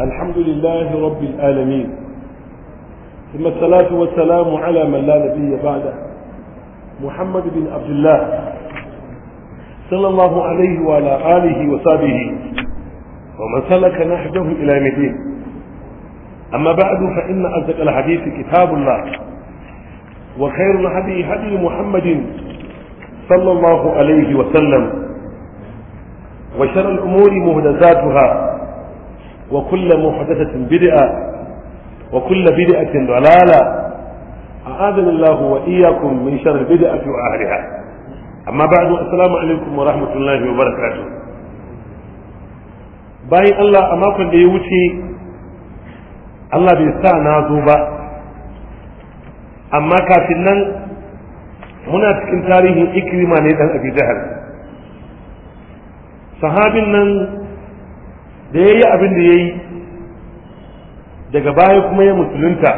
الحمد لله رب العالمين ثم الصلاة والسلام على من لا نبي بعده محمد بن عبد الله صلى الله عليه وعلى آله وصحبه ومن سلك نهجه إلى مدين أما بعد فإن أصدق الحديث كتاب الله وخير الهدي هدي محمد صلى الله عليه وسلم وشر الأمور مهدزاتها وكل محدثة بدعة وكل بدعة ضلالة أعاذنا الله وإياكم من شر البدعة وآهلها أما بعد السلام عليكم ورحمة الله وبركاته باي الله أماكن ليوتي الله بيستعنا زوبا أما كافلنا هنا تكن تاريه إكرمان أبي جهل صحابنا da ya yi abin da ya yi daga baya kuma ya musulunta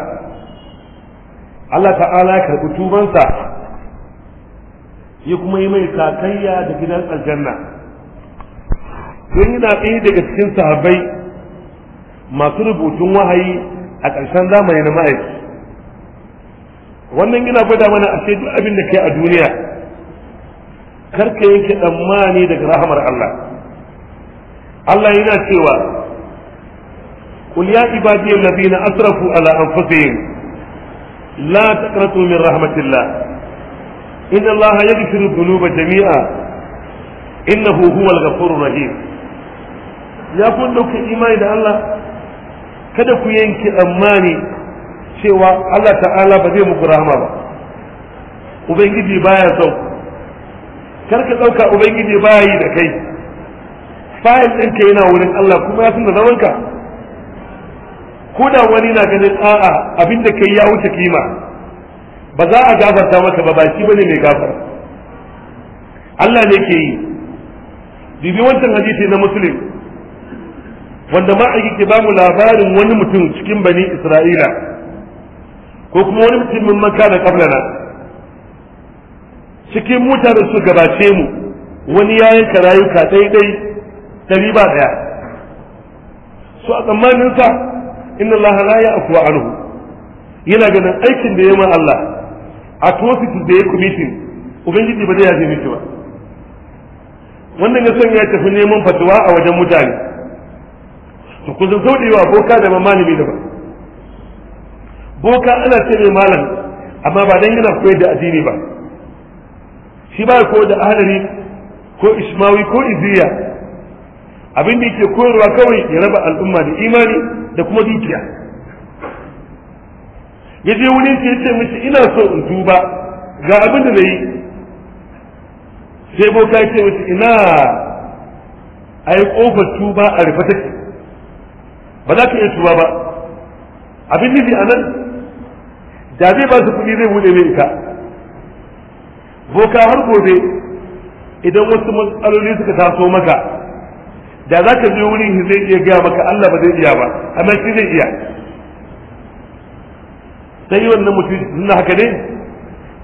Allah ta'ala ya karɓi tubansa ya kuma yi mai sakayya da gidan aljanna don yi ɗaya daga cikin sahabbai masu rubutun wahayi a ƙarshen zamani na ma'aiki wannan yana gwada mana a duk abin da ke a duniya karka yanke tsammani daga rahamar Allah Allah ya yi cewa qul ya ibadiyal ladina asrafu ala anfusihim la taqnatu min rahmatillah inna Allah ya yaghfiru dhunuba jami'a innahu huwal ghafurur rahim ya kun dauka imani da Allah kada ku yanke tsammani cewa Allah ta'ala ba zai muku rahama ba ubangiji baya son karka dauka ubangiji baya yi da kai fayil ɗinka yana wurin Allah kuma ya san da zaman ka ko da wani na ganin a'a abin da kai ya wuce kima ba za a gafarta maka ba ba shi bane mai gafar Allah ne ke yi bibi wancan hadisi na muslim wanda ma ke ba labarin wani mutum cikin bani isra'ila ko kuma wani mutum min maka da kablana cikin mutanen su gabace mu wani ya yanka rayuka daidai dari ba daya su a tsammanin sa inna Allah la ya'fu anhu yana ganin aikin da yayi ma Allah atrocity da ya kumitin ubangiji ba zai yaje miki ba wannan ya sanya ya tafi neman fatuwa a wajen mutane to ku zo wa boka da malami da ba boka ana ce mai malam amma ba dan yana koyar da addini ba shi ba ko da ahlari ko ismawi ko iziya abin da yake koyarwa kawai ya raba al'umma da imani da kuma dukiya ya je wani ya ce mishi ina so in tuba ga abin da zai yi sai boka ya ce mishi ina a yi kofar tuba a rufe take ba za ka iya tuba ba abin nufi a nan da zai ba su kuɗi zai buɗe mai ita boka har gobe idan wasu matsaloli suka taso maka da za ka je wurin shi zai iya gaya maka Allah ba zai iya ba amma shi zai iya sai wannan mutum suna haka ne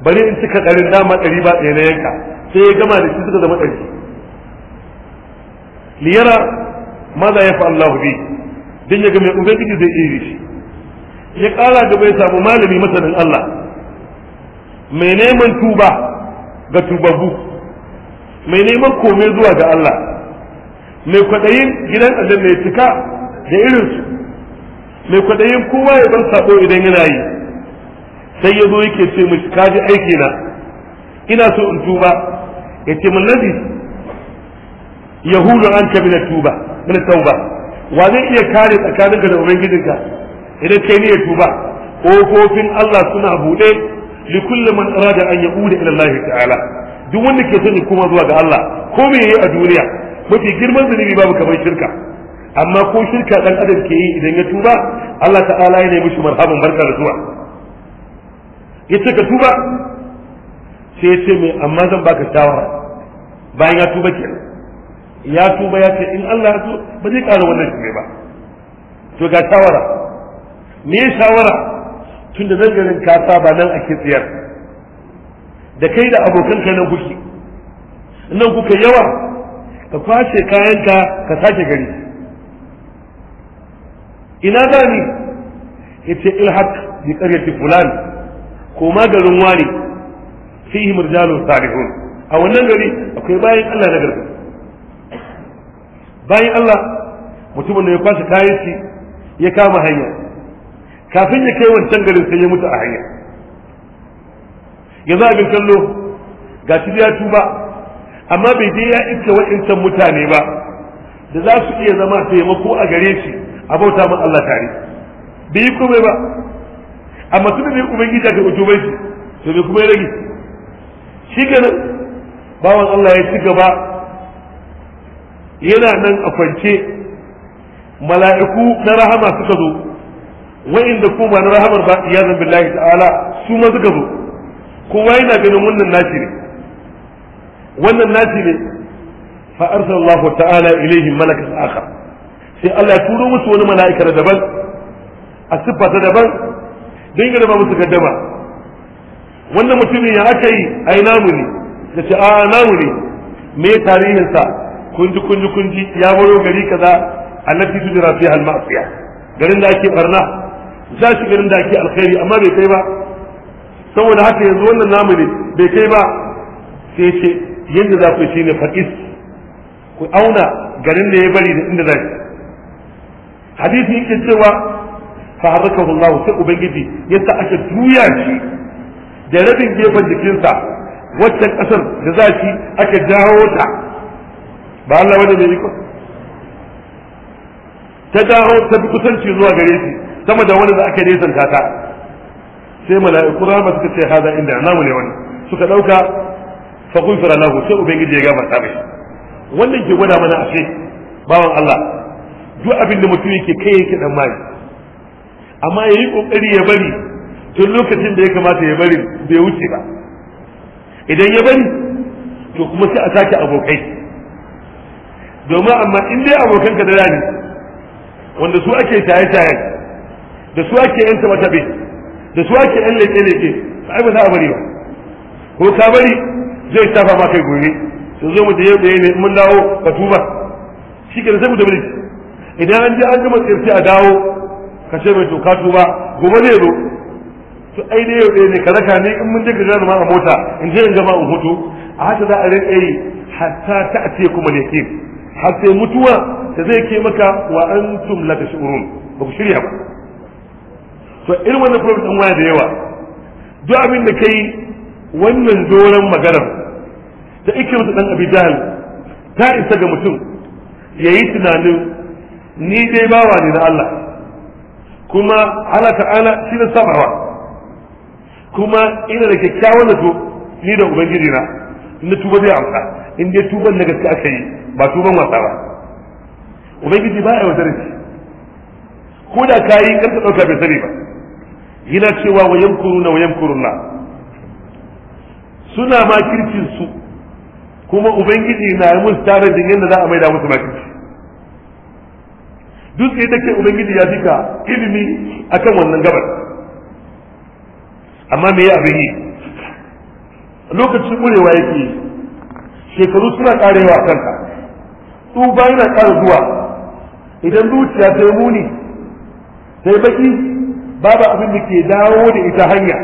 bari in cika ɗarin dama ɗari ba ɗaya na yanka sai ya gama da shi suka zama ɗari liyara maza ya fi Allah bi don ya ga mai ubangiji zai iya shi ya ƙara gaba ya samu malami masanin Allah mai neman tuba ga tubabu mai neman kome zuwa ga Allah mai kwaɗayin gidan aljanna ya cika da irinsu mai kwaɗayin kowa ya bar sabo idan yana yi sai ya zo yake ce mu ka ji aiki na ina so in tuba ya ce mun nabi yahudu an ka tuba mina tauba wa zai iya kare tsakaninka da ubangijinka idan kai ne ya tuba kofofin Allah suna buɗe likulli man arada an yaudu ila Allah ta'ala duk wanda ke son kuma zuwa ga Allah ko me yayi a duniya mafi girman zunubi babu kamar shirka amma ko shirka dan adam ke yi idan ya tuba Allah ta'ala ya nemi shi marhaban barka da zuwa yace ka tuba sai ya ce mai amma zan baka shawara bayan ya tuba kenan ya tuba ya ce in Allah ya so ba zai ƙara wannan shi ba to ga shawara me shawara tun da nan garin ka saba nan ake tsayar. da kai da abokanka nan kuke nan kuka yawa ka kwace kayanka ka sake gari ina ni ya ce ilhaq bi qaryati fulan ko garin wani fihi murjalun salihun a wannan gari akwai bayan Allah na gargaɗi bayan Allah mutumin da ya kwashe kayan ya kama hanya kafin ya kai wancan garin sai ya mutu a hanya yanzu abin kallo ga shi ya tuba amma bai je ya iska wa'incan mutane ba da za su iya zama taimako a gare shi a bauta min Allah tare bai yi komai ba amma tun da ubangiji ka ujubai shi to bai kuma rage shi nan bawan Allah ya ci gaba yana nan a kwance mala'iku na rahama suka zo wa'inda ko ba na rahamar ba iyazan billahi ta'ala su ma suka zo kowa yana ganin wannan nashi ne wannan nasi ne fa arsalallahu ta'ala ilaihim malakan akhar sai Allah ya turo musu wani mala'ikar daban a siffata ta daban don yi raba musu gaddama wannan mutumin ya aka yi a namu ne da ce a namu ne me tarihinsa kunji kunji kunji ya baro gari kaza allati tujra fiha al-ma'siyah garin da ake barna za shi garin da ake alkhairi amma bai kai ba saboda haka yanzu wannan namu ne bai kai ba sai ce yadda za ku shine faqis ku auna garin da ya bari da inda za hadisi yake cewa fa harakahu Allah sai ubangiji yasa aka juya shi da rabin gefen jikinsa waccan kasar da za aka jawo ta ba Allah bane ne ko ta jawo ta bi kusanci zuwa gare shi sama da wani da aka nesanta ta sai mala'iku rahama suka ce hada inda namu ne wannan suka dauka fa gufira lahu sai ubangiji ya gafarta mai wannan ke gwada mana ashe bawan Allah duk abin da mutum yake kai yake dan mai amma yayi kokari ya bari tun lokacin da ya kamata ya bari bai wuce ba idan ya bari to kuma sai a sake abokai domin amma in dai abokanka da rani wanda su ake taye-taye da su ake mata bai da su ake yan leke-leke ai ba za a bari ba ko ka bari zai tafa ma kai gobe to zo mu yau da mun dawo ka tuba shi ke sai mu tafi idan an je an gama tsirci a dawo ka ce mai to ka tuba gobe zai zo to ai ne yau ne ka raka ne in mun je ka jira ma a mota in je in gama in hoto a haka za a rinka yi hatta ta ce kuma ne ke har sai mutuwa ta zai ke maka wa an tum la shi'urun ba ku shirya ba to irin wannan problem ɗin waya da yawa duk abin da kai wannan doron maganar da ikirma dan abi jahil ta isa ga mutum yayi tunanin ni dai bawa ne na Allah kuma Allah ta'ala shi ne sabawa kuma ina da kyakkyawan zato ni da ubangiji na na tuba zai amsa in dai tuban na gaske aka yi ba tuban wasa ba ubangiji ba ya yaudar shi ko da ka yi karka ɗauka bai sani ba yana cewa wa yamkuruna wa yamkuruna suna ma kirkin su kuma ubangiji na yi musu tanadin yadda za a maida musu makinci duk sai take ubangiji ya jika ilimi akan wannan gabar amma me ya abin yi lokacin ƙurewa yake shekaru suna ƙarewa kanka tsuba yana ƙara zuwa idan zuciya ta yi muni sai baki babu abin da ke dawo da ita hanya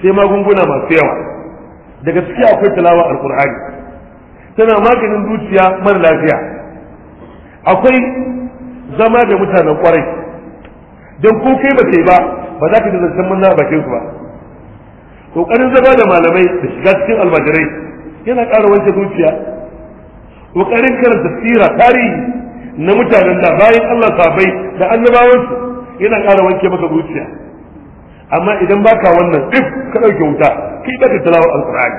sai magunguna masu yawa daga ciki akwai tilawa alqur'ani tana maganin zuciya mara lafiya akwai zama da mutanen kwarai don ko kai ba kai ba ba za ka ji zancen manna a bakin su ba kokarin zama da malamai da shiga cikin almajirai yana ƙara wanke zuciya kokarin karanta sira tarihi na mutanen da bayan Allah sabai da annabawansu yana ƙara wanke maka zuciya amma idan baka wannan duk ka ɗauke wuta kai baka tilawar alqur'ani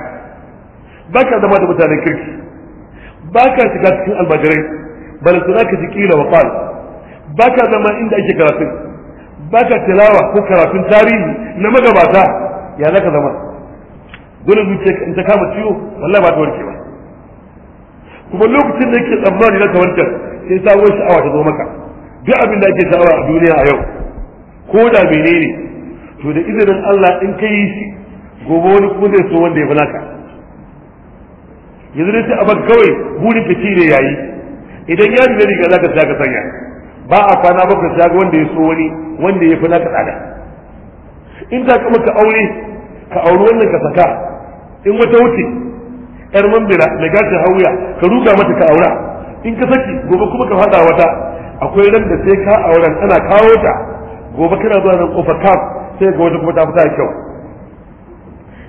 baka zama da mutanen kirki baka shiga cikin almajirai bal ka ji kila wa qal baka zama inda ake karatun baka tilawa ko karatun tarihi na magabata ya zaka zama dole zuciya in ta kama ciwo wallahi ba ta warke ba kuma lokacin da yake tsammani na tawarkar sai sabuwar sha'awa ta zo maka duk abin da ake sha'awa a duniya a yau ko da menene to da izinin Allah in ka yi shi gobe wani kuma zai so wanda ya balaka yanzu dai abin kawai burin ka ci ne yayi idan ya riga riga za ka sanya ba a kwana ba ka wanda ya so wani wanda ya balaka tsada in za kama ka aure ka auri wannan ka saka in wata wuce yar mambira mai gashin hauya ka ruga mata ka aura in ka saki gobe kuma ka fada wata akwai ran da sai ka auren ana kawo ta gobe kana zuwa nan kofar kaf sai ga wata kuma ta fita kyau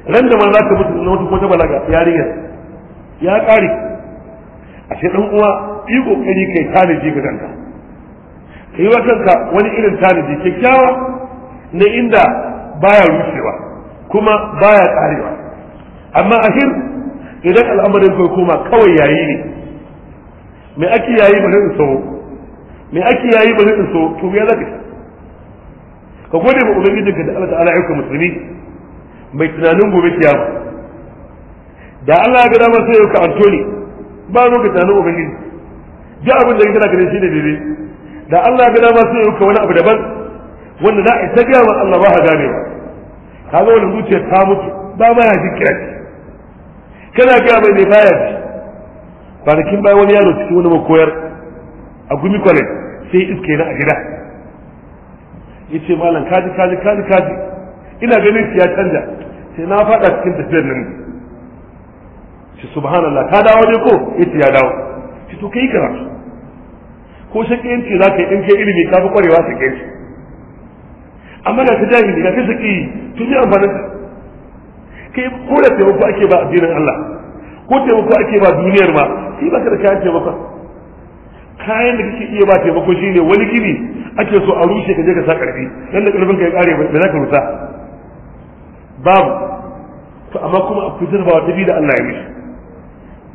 ran da man za ta mutu na wata kuma ta balaga yarinya ya A ce ɗan uwa yi kokari kai tanaji ga danka ka yi wa kanka wani irin tanaji kyakkyawa na inda baya rushewa kuma baya ƙarewa amma ahir idan al'amarin kai kuma kawai yayi ne me ake yayi ba in so me ake yayi ba in so to ya zaka ka gode ma ka da Allah ta'ala ayyuka musulmi mai tunanin gobe kiyama da Allah ya ga damar sai yau ka antoni ba mu ka tunanin ubangiji ji abin da kana ganin shi ne daidai da Allah ya ga damar sai yau ka wani abu daban wanda za a isa gaya wa Allah ba ha gane ka ga wani zuciya ta mutu ba ma ya ji kira kana gaya mai ne baya ji kwanakin bayan wani yaro cikin wani makoyar a gumi kwalai sai iske na a gida ya ce malam kaji kaji kaji kaji ina ganin ki ya canja sai na fada cikin tafiyar nan shi subhanallah ka dawo ne ko yace ya dawo shi to kai karatu ko shakiyanci za ka yi in kai ilimi ka fi kwarewa shakiyanci amma da ta jahili ga kai shaki tun yi amfanin ka kai ko da taimako ake ba addinin Allah ko taimako ake ba duniyar ma shi ba ka da kayan taimakon kayan da kake iya ba taimako shine wani gini ake so a rushe ka je ka sa karfi dan da karfin ka ya kare ba za ka rusa babu to amma kuma a fitar ba wata da Allah ya mishi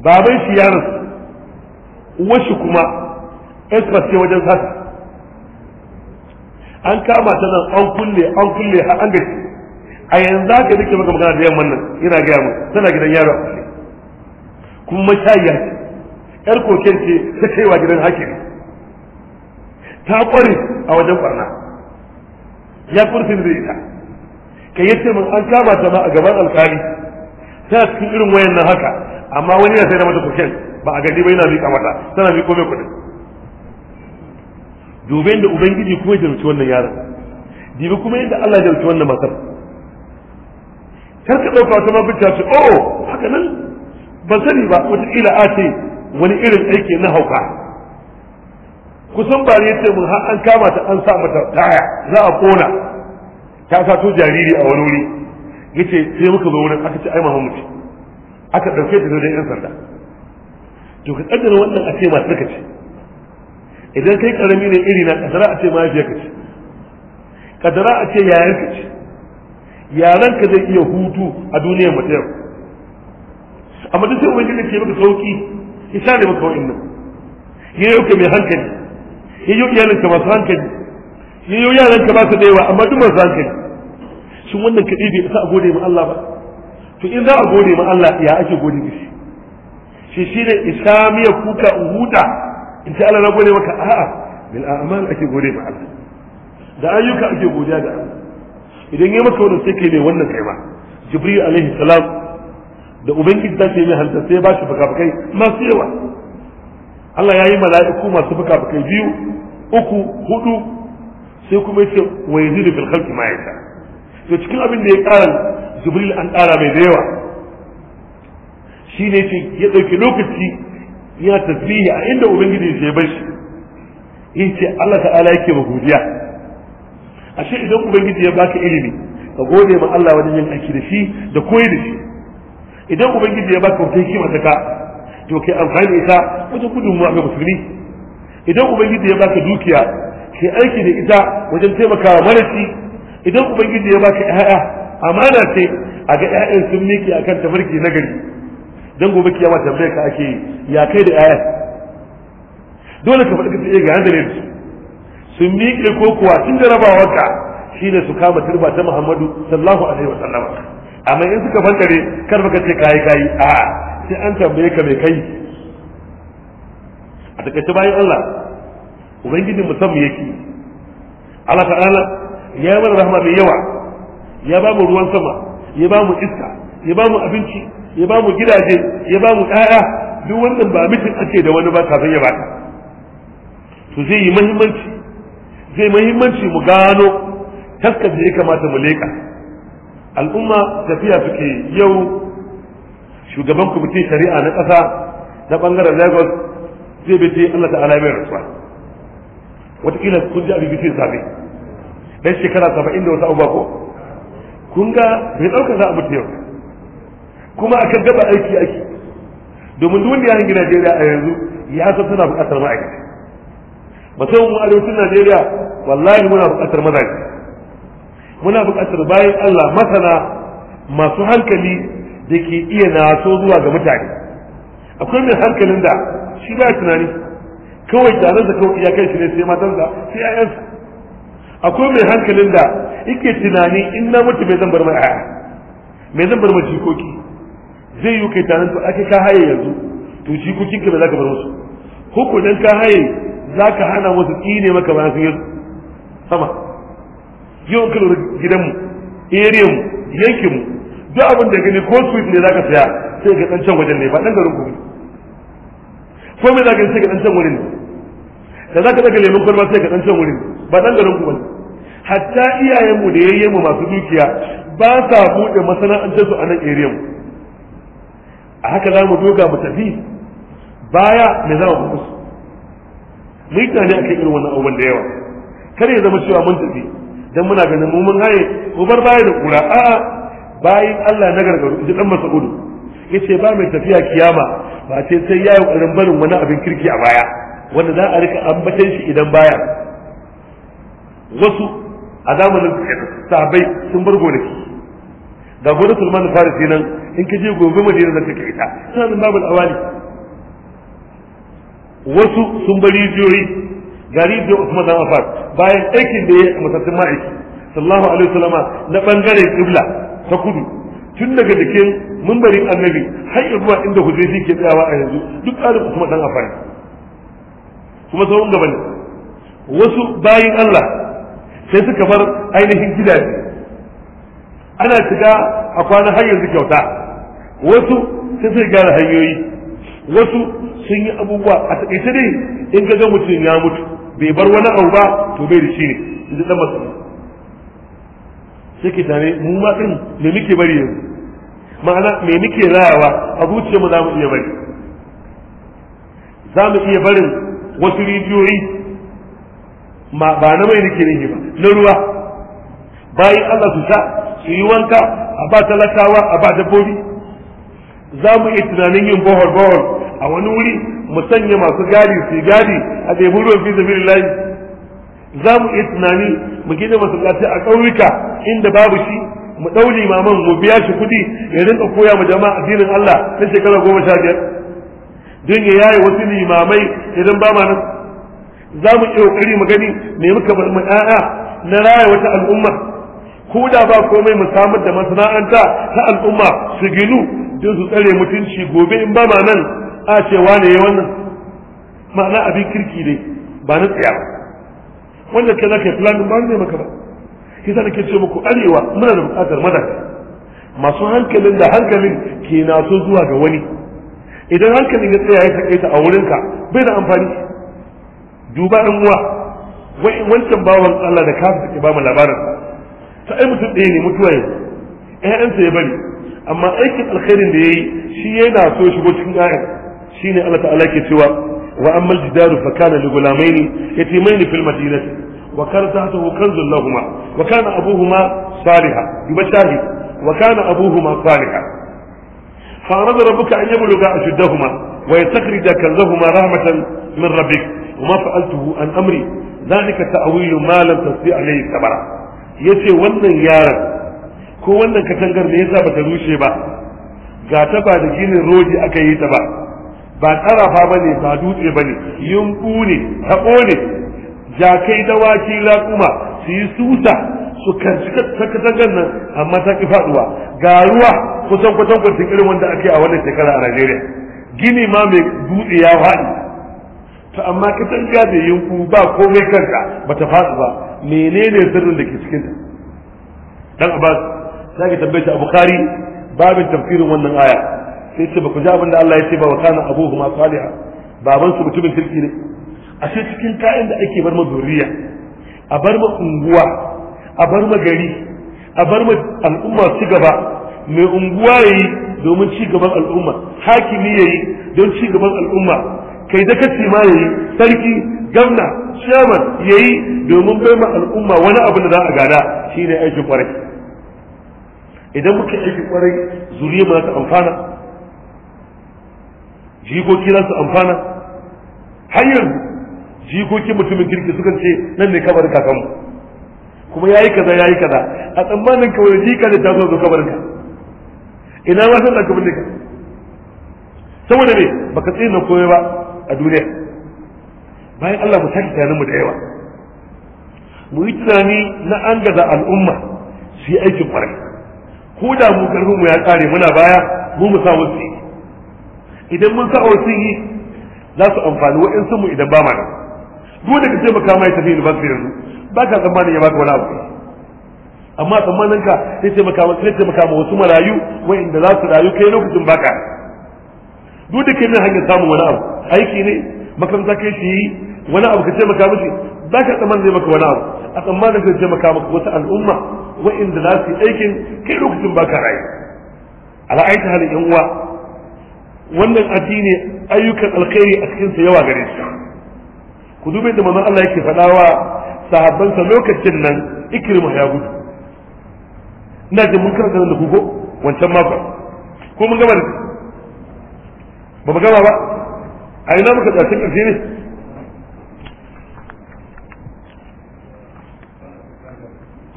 baban shi ya rasu uwar kuma expert ce wajen sa an kama ta nan an kulle an kulle har an gaji a yanzu haka nake maka magana da yamman nan ina gaya mu tana gidan yaro kuma mashayiya ce ƴar koken ce ta kaiwa gidan hakimi ta kware a wajen barna ya kurfin zai ita kai yace mun an kama ta ma a gaban alkali ta cikin irin wayan nan haka amma wani ya sai da mata koken ba a gani ba yana miƙa mata tana miƙo mai kudin dubin da ubangiji kuma ya jarumci wannan yaron dibi kuma yadda Allah ya jarumci wannan matar kar ka ɗauka wata mabita ce oh haka nan ban sani ba wata ila a ce wani irin aiki na hauka kusan bari ya ce mun har an kama ta an sa mata taya za a kona ta sato jariri a wani wuri ya ce sai muka zo wurin aka ce ai mahammu ce aka ɗauke ta wajen yan sanda to ka ƙaddara wannan a ce masu suka ce idan kai ƙarami ne iri na ƙadara a ce mahaifiyar ka ce ƙadara a ce yayan ka ce yaran ka zai iya hutu a duniyar mu yau amma duk sai ubangiji ke maka sauki ya share maka wa'annan ya yi mai hankali yayyo iyalinka masu hankali yayyo yaranka ba su da yawa amma duk masu hankali Sun wannan kaɗai bai isa a gode ma Allah ba to in za a gode ma Allah ya ake gode da shi shi shi ne isa miya kuka in huta in ta Allah na gode maka a'a bil a'mal ake gode ma Allah da ayyuka ake godiya da Allah idan ya maka wannan sai kai ne wannan kai ma jibril alaihi salam da ubangiji ta ce mai hantar sai ba shi bakabakai masu yawa Allah ya yi mala'iku masu fuka-fukai biyu uku hudu sai kuma yace wa yazidu da khalqi ma yasha to cikin abin da ya ƙara jibril an ƙara mai da yawa shine ce ya dauki lokaci ya tasbihi a inda ubangiji ya bar shi yace Allah ta'ala yake ba godiya shi idan ubangiji ya baka ilimi ka gode ma Allah wajen yin aiki da shi da koyi da shi idan ubangiji ya baka wata hikima ta ka to kai amfani ita wajen a ga musulmi idan ubangiji ya baka dukiya kai aiki da ita wajen taimakawa marashi idan ubangiji ya baka ƴaƴa amana ce a ga ƴaƴan sun miki akan tafarki na gari dan gobe kiyama tambayar ka ake ya kai da ƴaƴan dole ka faɗi ka eh, ga handa su sun miƙe ko kuwa tun da shi shine su kama turba ta Muhammadu sallallahu alaihi wa sallama amma in suka fankare kar baka ce kai kai a'a sai an tambaye ka mai kai a takaice bayan Allah ubangijin musamman yake Allah ta'ala ya yi mana rahama mai yawa ya ba mu ruwan sama ya ba mu iska ya ba mu abinci ya ba mu gidaje ya ba mu ɗaya duk wannan ba mutum ake da wani ba kafin ya baka to zai yi muhimmanci zai muhimmanci mu gano taskar da ya kamata mu leƙa al'umma tafiya suke yau shugaban kwamitin shari'a na ƙasa na ɓangaren lagos zai bai ce allah ta'ala mai rasuwa wataƙila kun ji abubuwa bitin safe ɗan shekara saba'in da wasu abubuwa ko kun ga bai ɗaukar za a mutu yau kuma a kan gaba aiki aiki domin duk wanda ya hangi najeriya a yanzu ya san suna buƙatar ma'aikata musamman mu arewacin najeriya wallahi muna buƙatar mazaje muna buƙatar bayan allah masana masu hankali da ke iya naso zuwa ga mutane akwai mai hankalin da shi ba tunani kawai tare da kawai iyakar shi ne sai matansa sai ayansa akwai mai hankalin da yake tunani in na mutu mai zan bar mai aya mai zan bar mai jikoki zai yi kai tarin to ake ka haye yanzu to jikokin ka ba za ka bar musu hukunan ka haye za ka hana musu tsine maka ba sun yi sama yau kan gidanmu eriyanmu yankinmu duk abin da gani ko sweet ne zaka saya sai ka dan can wajen ne ba dan garin ku ko me zaka sai ka dan can wurin ne da zaka daga lemon kwalba sai ka dan can wurin ba dan garin ku ba hatta iyayenmu da mu masu dukiya ba sa bude masana'antar su a nan area mu a haka za mu doga mu tafi baya me za mu kusa mu yi tunani akan irin wannan abubuwan da yawa kar ya zama cewa mun tafi dan muna ganin mu mun haye mu bar baya da kura a'a bayin Allah na gargaru ji dan Ya yace ba mai tafiya kiyama ba ce sai ya yi ƙoƙarin barin wani abin kirki a baya wanda za a rika ambatan shi idan baya wasu a zamanin sahabbai sun bar gonaki ga gonar Sulman Farisi nan in ka je gobe Madina zaka kai ta sanin babul awali wasu sun bar rijiyoyi ga rijiyar Usman dan Affan bayan aikin da ya yi a masassun ma'aiki sallallahu alaihi wasallama na bangaren kibla ta kudu tun daga jikin mumbarin annabi har zuwa inda huzaifi ke tsayawa a yanzu duk tsarin kuma dan afani kuma sauran gaba ne wasu bayin Allah sai suka bar ainihin gidaje ana shiga a kwana har yanzu kyauta wasu sai sai gyara hanyoyi wasu sun yi abubuwa a taƙaice dai in ga mutum ya mutu bai bar wani abu ba to bai da shi ne in dan masu suke tare mu ma din me muke bari yanzu ma'ana me muke rayawa a zuciyarmu za mu iya bari za mu iya barin wasu rijiyoyi ma ba na mai nake ne ba na ruwa bayan Allah su sha su yi wanka a ba talakawa a ba dabbobi za mu iya tunanin yin bohol bohol a wani wuri mu sanya masu gadi su gadi a ɗebi ruwan fi lillahi za mu iya tunani mu gina masallaci a ƙauyuka inda babu shi mu ɗau limaman mu biya shi kuɗi ya rinka koya ma jama'a addinin Allah na shekara goma sha biyar don ya yaye wasu limamai idan ba ma nan za mu iya ƙoƙari mu gani me muka bar mu ɗaya na raya wata al'umma ko da ba komai mu samar da masana'anta ta al'umma su ginu don su tsare mutunci gobe in ba ma nan a cewa ne wannan ma'ana abin kirki ne ba na tsaya ba wanda kai zaka yi planning ba zai maka ba shi sa ke ce muku arewa muna da bukatar madaka masu hankalin da hankalin ke na so zuwa ga wani idan hankalin ya tsaya ya takaita a wurinka bai da amfani duba ɗan uwa wancan bawan Allah da kafin take ba mu labarin ta ai mutum ɗaya ne mutuwa yanzu ƴaƴansa ya bari amma aikin alkhairin da yayi shi yana so shigo cikin ƴaƴan shine Allah ta'ala ke cewa wa amma al-jidaru fa kana li ghulamaini yatimaini fil madinati وكان تحته كنز لهما وكان أبوهما صالحا يبقى شاهد وكان أبوهما صالحا فأراد ربك أن يبلغ أشدهما ويستخرج كنزهما رحمة من ربك وما فعلته عن أمري ذلك تأويل ما لم تستطيع عليه صبرا yace wannan yaron ko wannan katangar me yasa bata rushe ba ga ta ba da ginin roji aka yi ta ba ba tsarafa bane ba dutse bane yumbu ne taɓo ne jakai dawaki kuma su yi susa su karci katangar nan amma ta ki faduwa ga ruwa kusan kusan kusan irin wanda ake a wannan shekara a Najeriya gini ma mai dutse ya faɗi to amma ga da yinku ba komai ba ta faɗi ba menene sirrin da ke cikin ta dan Abbas sai ka tambaye shi a Bukhari babin tafsirin wannan aya sai ce ba ku ji abin da Allah ya ce ba wa kana ma salihah baban su mutumin kirki ne a cikin kayan da ake bar ma zuriya a bar ma unguwa a bar ma gari a bar ma al'umma ci gaba mai unguwa yayi domin ci gaban al'umma hakimi yayi don ci gaban al'umma kai da kace ma yayi sarki gwamna shaman yayi domin bai ma al'umma wani abu da za a gada shine aiki kwarai idan muka aiki kwarai zuriya ma ta amfana jikoki amfana har yanzu jikokin mutumin kirki sukan ce nan ne kabar kakanmu kuma yayi kaza yayi kaza a tsammanin ka wani jika da ta zo kabar ka ina ma san da kabarin ka saboda me baka tsina koyo ba a duniya bayan Allah mu saki tare mu da yawa mu yi tunani na an gaza al'umma su yi aikin kwarai ko da mu karfin mu ya kare muna baya mu mu sa wasu idan mun sa wasu yi za su amfani wa'in mu idan ba ma nan dole ka taimaka mai tafi university yanzu ba ka tsammanin ya baka wani abu amma tsammanin ka sai ce ma sai taimaka ma wasu marayu wa'inda za su rayu kai lokacin baka duk da kai nan hanyar samun wani abu aiki ne makaranta kai shi wani abu ka taimaka mishi za ka tsammanin zai maka wani abu a tsammanin ka taimaka maka wata al'umma wa'inda za su yi aikin kai lokacin baka rayu ala'aita halin yan uwa wannan addini ayyukan alkhairi a cikin sa yawa gare shi ku duba yadda manzon Allah yake faɗa wa sahabbansa lokacin nan ikrimu ya gudu ina jin mun karanta da kugo wancan makon ko mun gama da ba mu gama ba a ina muka tsarkin ƙarshe ne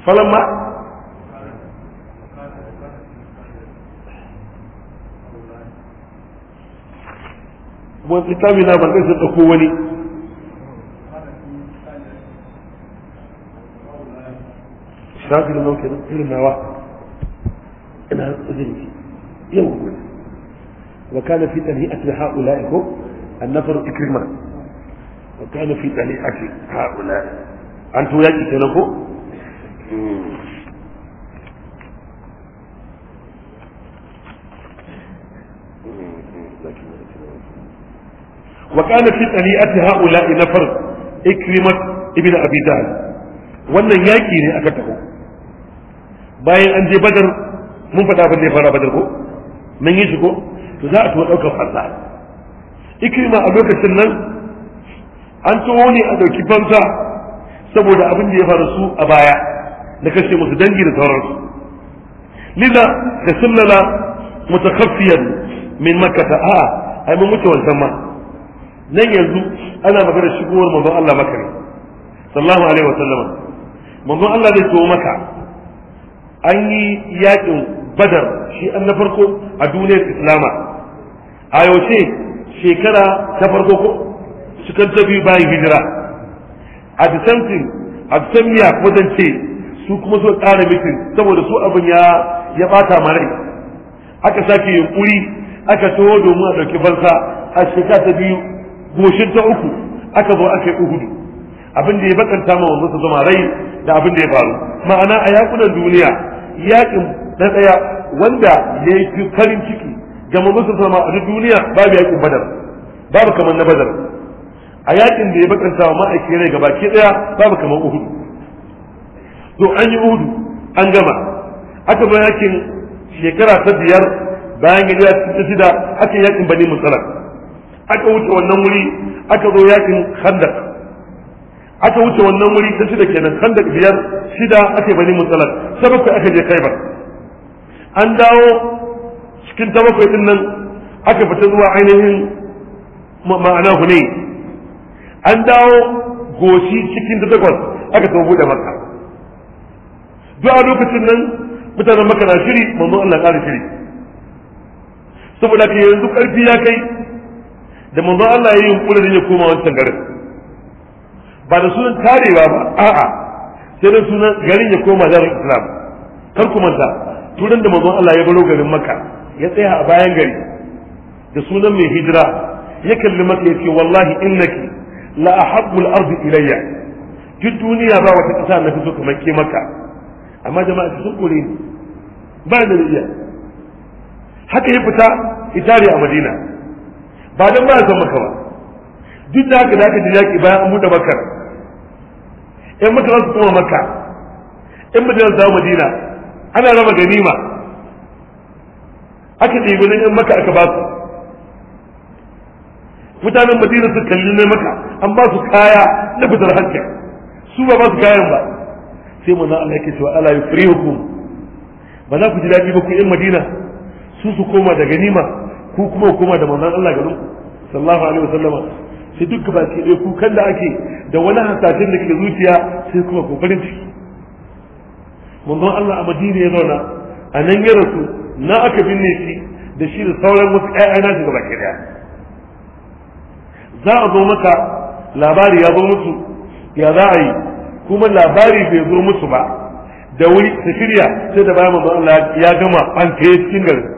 falamma wani littafi na ban ɗan ɗauko wani مش عارف اللي ممكن تقول انها واحده انها يوم وكان في تنهئه لهؤلاء هم النفر إكرمة وكان في تنهئه هؤلاء أنت يجي تنكو وكان في تنيئة هؤلاء نفر إكرمة ابن أبي جهل wannan yaki ne aka taho bayan an je badar mun faɗa abin da ya fara badar ko mun yi shi ko to za a tuwa ɗaukar fansa ikrima a lokacin nan an tuwo ne a ɗauki fansa saboda abin da ya faru su a baya da kashe musu dangi da sauransu lila da sunnala mutakaffiyan min makkata a'a ai mun mutu wancan ma nan yanzu ana magana shigowar manzon Allah maka ne sallallahu alaihi wa sallama manzon Allah zai to maka an yi yakin badar shi an na farko a duniyar islama a yaushe shekara ta farko ko cikin ta biyu bayan hijira a disantin a disamiya ko zan ce su kuma so tsara mitin saboda su abin ya ya bata ma rai aka sake yunkuri aka taho domin a ɗauki fansa a shekara ta biyu goshin ta uku aka zo aka yi uhudu abin da ya bakanta ma wanzu su zama rai da abin da ya faru ma'ana a yakunan duniya yakin na tsaya wanda ya yi farin ciki ga mamman sama a duk duniya babu yakin badar babu kamar na badar a yakin da ya bakanta wa ma'aikin rai gabaki daya babu kamar uhudu to an yi uhudu an gama aka bar yakin shekara ta biyar bayan gida ta shida aka yakin bani musalar aka wuce wannan wuri aka zo yakin khandak aka wuce wannan wuri ta shida kenan khandak biyar shida aka yi bani musalar ta bakwai aka je khaibar an dawo cikin ta bakwai din nan aka fita zuwa ainihin ma'ana hune an dawo goshi cikin ta takwas aka tafi buɗe maka duk a lokacin nan mutanen maka na shiri manzon Allah ƙara shiri saboda ke yanzu ƙarfi ya kai da manzon Allah ya yi yunƙurin ya koma wancan garin ba da sunan tarewa ba a'a sai dai sunan garin ya koma darul islam kar ku manta turan da manzon Allah ya baro garin maka ya tsaya a bayan gari da sunan mai hijira ya kalli maka ya ce wallahi innaki la ahabbul ardi ilayya duk duniya ba wata kasa na fito kamar ke maka amma jama'a sun kore ni ba da iya haka ya fita itari a madina ba dan ba san maka ba duk da haka da aka ji yaki bayan an buɗe makar. in mutu za su koma makka in mutu za su madina ana raba ganima aka ɗi gudun in maka aka ba su mutanen madina su kalli na maka an ba su kaya na fitar hanke, su ba ba su kayan ba sai na Allah yake cewa ala yufrihukum ba za ku ji daɗi ba ku in madina su su koma da ganima ku kuma koma da manzon Allah garin sallallahu alaihi wasallama sai duk ba ke ɗaya kukan da ake da wani hasashen da ke zuciya sai kuma kokarin ciki manzon Allah a Madina ya zauna a nan ya rasu na aka binne shi da shi da sauran wasu ƴaƴana shi gaba ke daya za a zo maka labari ya zo musu ya za a yi kuma labari bai zo musu ba da wuri ta shirya sai da bayan manzon Allah ya gama an kai cikin garin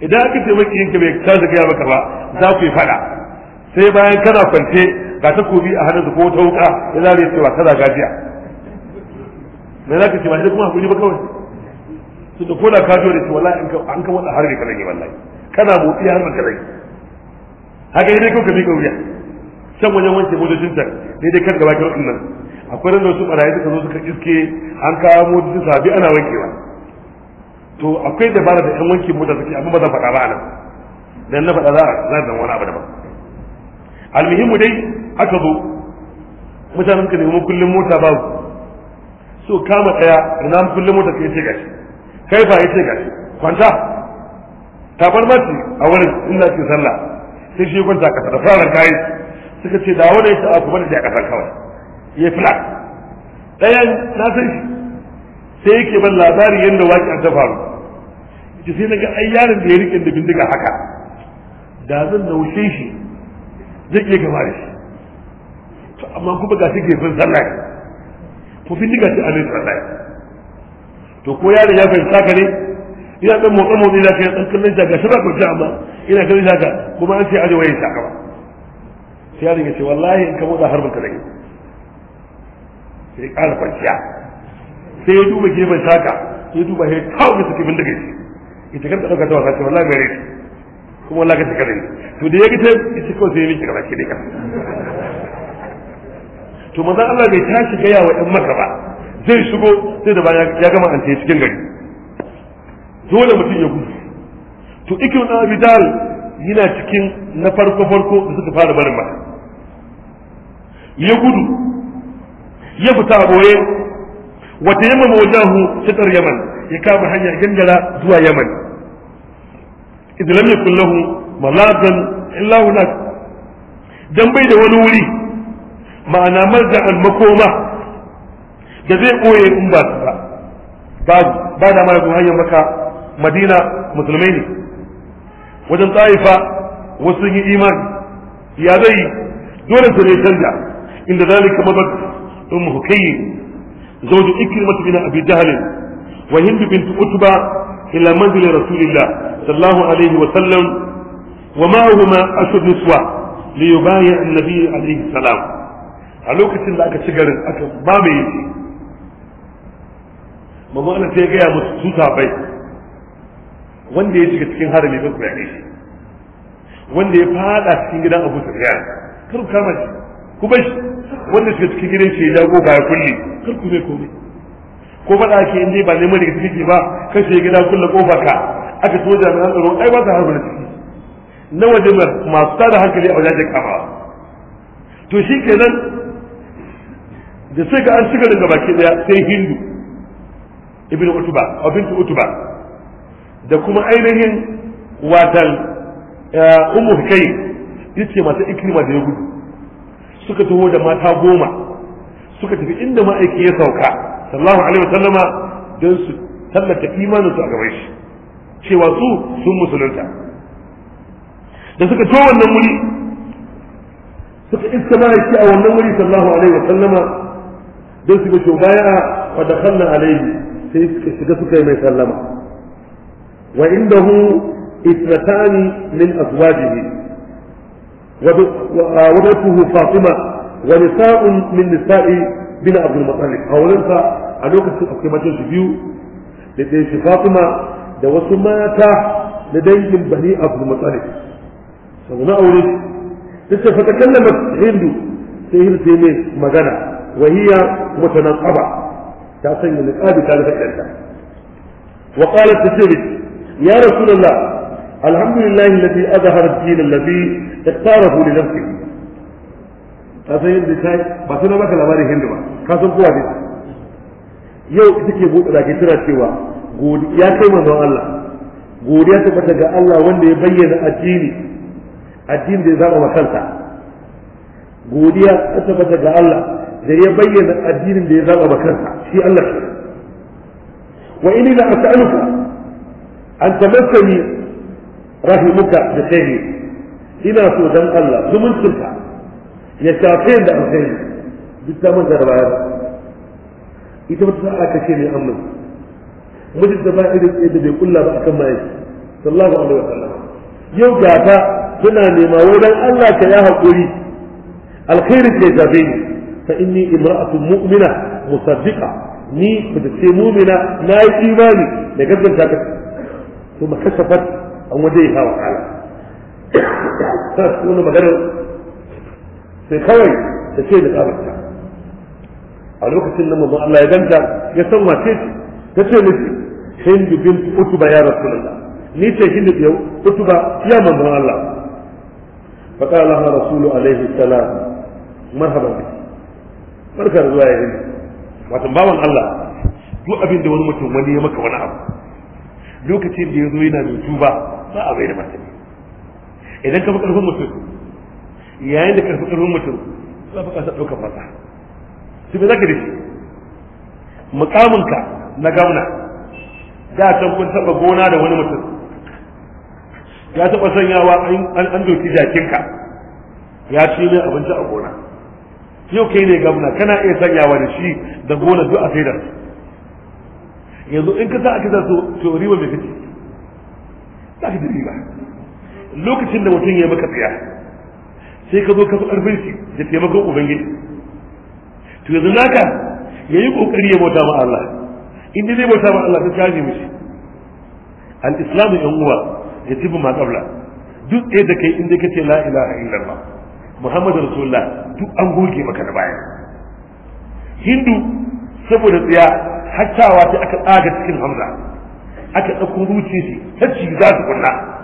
idan aka ce maki yinka bai kasa gaya maka ba za ku yi fada sai bayan kana kwance ga takobi a hannun ko ta wuka ya zare cewa kaza gajiya me za ka ce ba shi kuma hakuri ba kawai su da koda ka da ce wallahi an kan wata harbe kalan yi wallahi kana motsi har ba kalan haka dai kuka ka bi kauya can wajen wanke motocin ta ne dai kan gaba kiran nan akwai ran da wasu barayi suka zo suka iske an kawo motocin sabi ana wankewa to akwai dabara da yan wanke mota suke amma ba zan faɗa ba nan. dan na faɗa za a zan wani abu daban almuhimu dai aka zo mutanen ka nemi kullum mota babu so kama tsaya ina kullum mota kai ce gashi kai fa yace gashi kwanta tabar mace a wurin inda ke sallah sai shi kwanta ka da fara kai suka ce da wani ta aku bane da kasar kawai ya flat ɗayan na san shi sai yake ban labari yadda waƙi ta faru ki sai naga ai yaron da ya rike da bindiga haka da zan naushe shi zai iya gama da shi to amma kuma ga shi gefen sallah ko fi diga shi abin sallah to ko yaron ya fahimta ka ne ina dan motsa motsi na kai dan kallon ta shi ba ku ta amma ina kallon ta kuma an ce a wayin ta kama sai yaron ya ce wallahi in ka motsa har ka rage sai ƙara kwanciya sai ya duba gefen saka sai ya duba ya kawo masa kibin daga shi ita kan kanta ɗauka ta wasa ce wallahi mai rai kuma wallahi ka kare to da ya ga ta ita ko sai ya miƙe gaba da ka to manzon Allah bai tashi gaya wa ɗan maka ba zai shigo sai da bayan ya gama an cikin gari dole mutum ya gudu to ikin na bidal yana cikin na farko farko da suka fara barin maka ya gudu ya fita a boye wata yamma wajahu shatar yaman ya kama hanyar gangara zuwa yaman idan lam yakul lahu maladan illa hunak dan bai da wani wuri ma'ana malja'an makoma da zai koye in ba ta ba ba da mara zuwa hanyar maka madina musulmai ne wajen tsa'ifa wasu yi imani ya zai dole su ne canja inda zalika mabaka أم هكي زوج إكرمة بن أبي جهل وهند بنت أتبة إلى منزل رسول الله صلى الله عليه وسلم ومعهما أسد نسوة ليبايع النبي عليه السلام a lokacin da aka ci garin aka mamaye shi mamman ana sai gaya musu su sabai wanda ya shiga cikin harami kan ku yaƙe shi wanda ya fada cikin gidan abu sufyan kar ku kama shi ku bar shi wanda shiga cikin gidan shi ya ba ya kulle kar ku mai komai ko faɗa ake in ba neman daga ciki ba kashe gida kulle kofa ka aka so jami'an tsaro ai ba ta harba da ciki na waje masu tada hankali a wajajen kafa to shi kenan da sai ga an shiga daga baki daya sai hindu ibn utuba abinci utuba da kuma ainihin watan eh, umu kai yace mata ikrima da ya gudu suka taho da mata goma suka tafi inda ma'aiki ya sauka sallallahu alaihi wasallama don su tallata imanin su a gaban shi cewa su sun musulunta da suka to wannan wuri suka iska ma'aiki a wannan wuri sallallahu alaihi wasallama don su ga shugaya wa da kallon alaihi sai suka shiga suka yi mai sallama wa indahu اثنتان من أزواجه وابنته فاطمة ونساء من نساء bin abdul muttalib a wurinsa a lokacin akwai matan su biyu da ɗaya shi fatima da wasu mata na dangin bani abdul muttalib sau na aure ta ce fa takallama hindu sai hindu sai mai magana wa nan mutanaqaba ta sanya niqabi ta rufe ɗanta wa qalat tajabi ya rasulullah alhamdulillah alladhi azhara ad-din alladhi ihtarahu li nafsihi ka san yadda ta ba sai na baka labarin hindu ba ka san kowa ne yau ita ke buɗe da ke tana cewa ya kai manzon Allah godiya ta bata ga Allah wanda ya bayyana addini addini da ya zaɓa kansa godiya ta bata ga Allah da ya bayyana addinin da ya zaɓa kansa shi Allah shi wa inni la as'aluka an tamassani rahimuka da khairi ina so dan Allah zumuncinka ya shafe da alkhairi duk ta manta da baya ita wata sa'a ka ce ne amma mutum da ba irin tsaye da bai kulla ba akan mai sallallahu alaihi wasallam yau gata suna nema wurin Allah ka ya haƙuri alkhairi ke zabe ni fa inni imra'atun mu'mina musaddiqa ni da ce mumina na yi imani da gagganta ka to makasafat an waje ya hawa ala ta wani maganar sai kawai ta ce da kabarta a lokacin nan mamman Allah ya ganta ya san mace ce ta ce miki hindu bin utuba ya rasu ta ni ce hindu yau utuba ya mamman Allah faɗa Allah laha rasulu alaihi salam marhaban biki barkar zuwa ya hindu wato bawan Allah duk abin da wani mutum wani ya maka wani abu lokacin da ya zo yana mai tuba ba a bai da martani idan ka fi karfin mutum yayin da karfi karfin mutum za ka kasa ɗaukar masa su ba za ka dace mukaminka na gauna da can kun taɓa gona da wani mutum ya taɓa sanyawa an doki jakinka ya ci mai abinci a gona yau kai ne gamna kana iya sanyawa da shi da gona duk a saidar yanzu in ka sa aka zato to riba mai kace za ka ji riba lokacin da mutum ya maka tsaya sai ka zo ka karfin shi da taimakon ubangiji to yanzu naka yayi yi ya bauta ma Allah in dai bauta ma Allah sai kaji mishi al-islamu yan uwa ya tibu ma kabla duk ɗaya da kai inda kace la ilaha illallah muhammadu rasulullah duk an goge maka da baya hindu saboda tsaya haccawa sai aka tsaga cikin hamza aka ɗauko zuciya shi ta ci za su kunna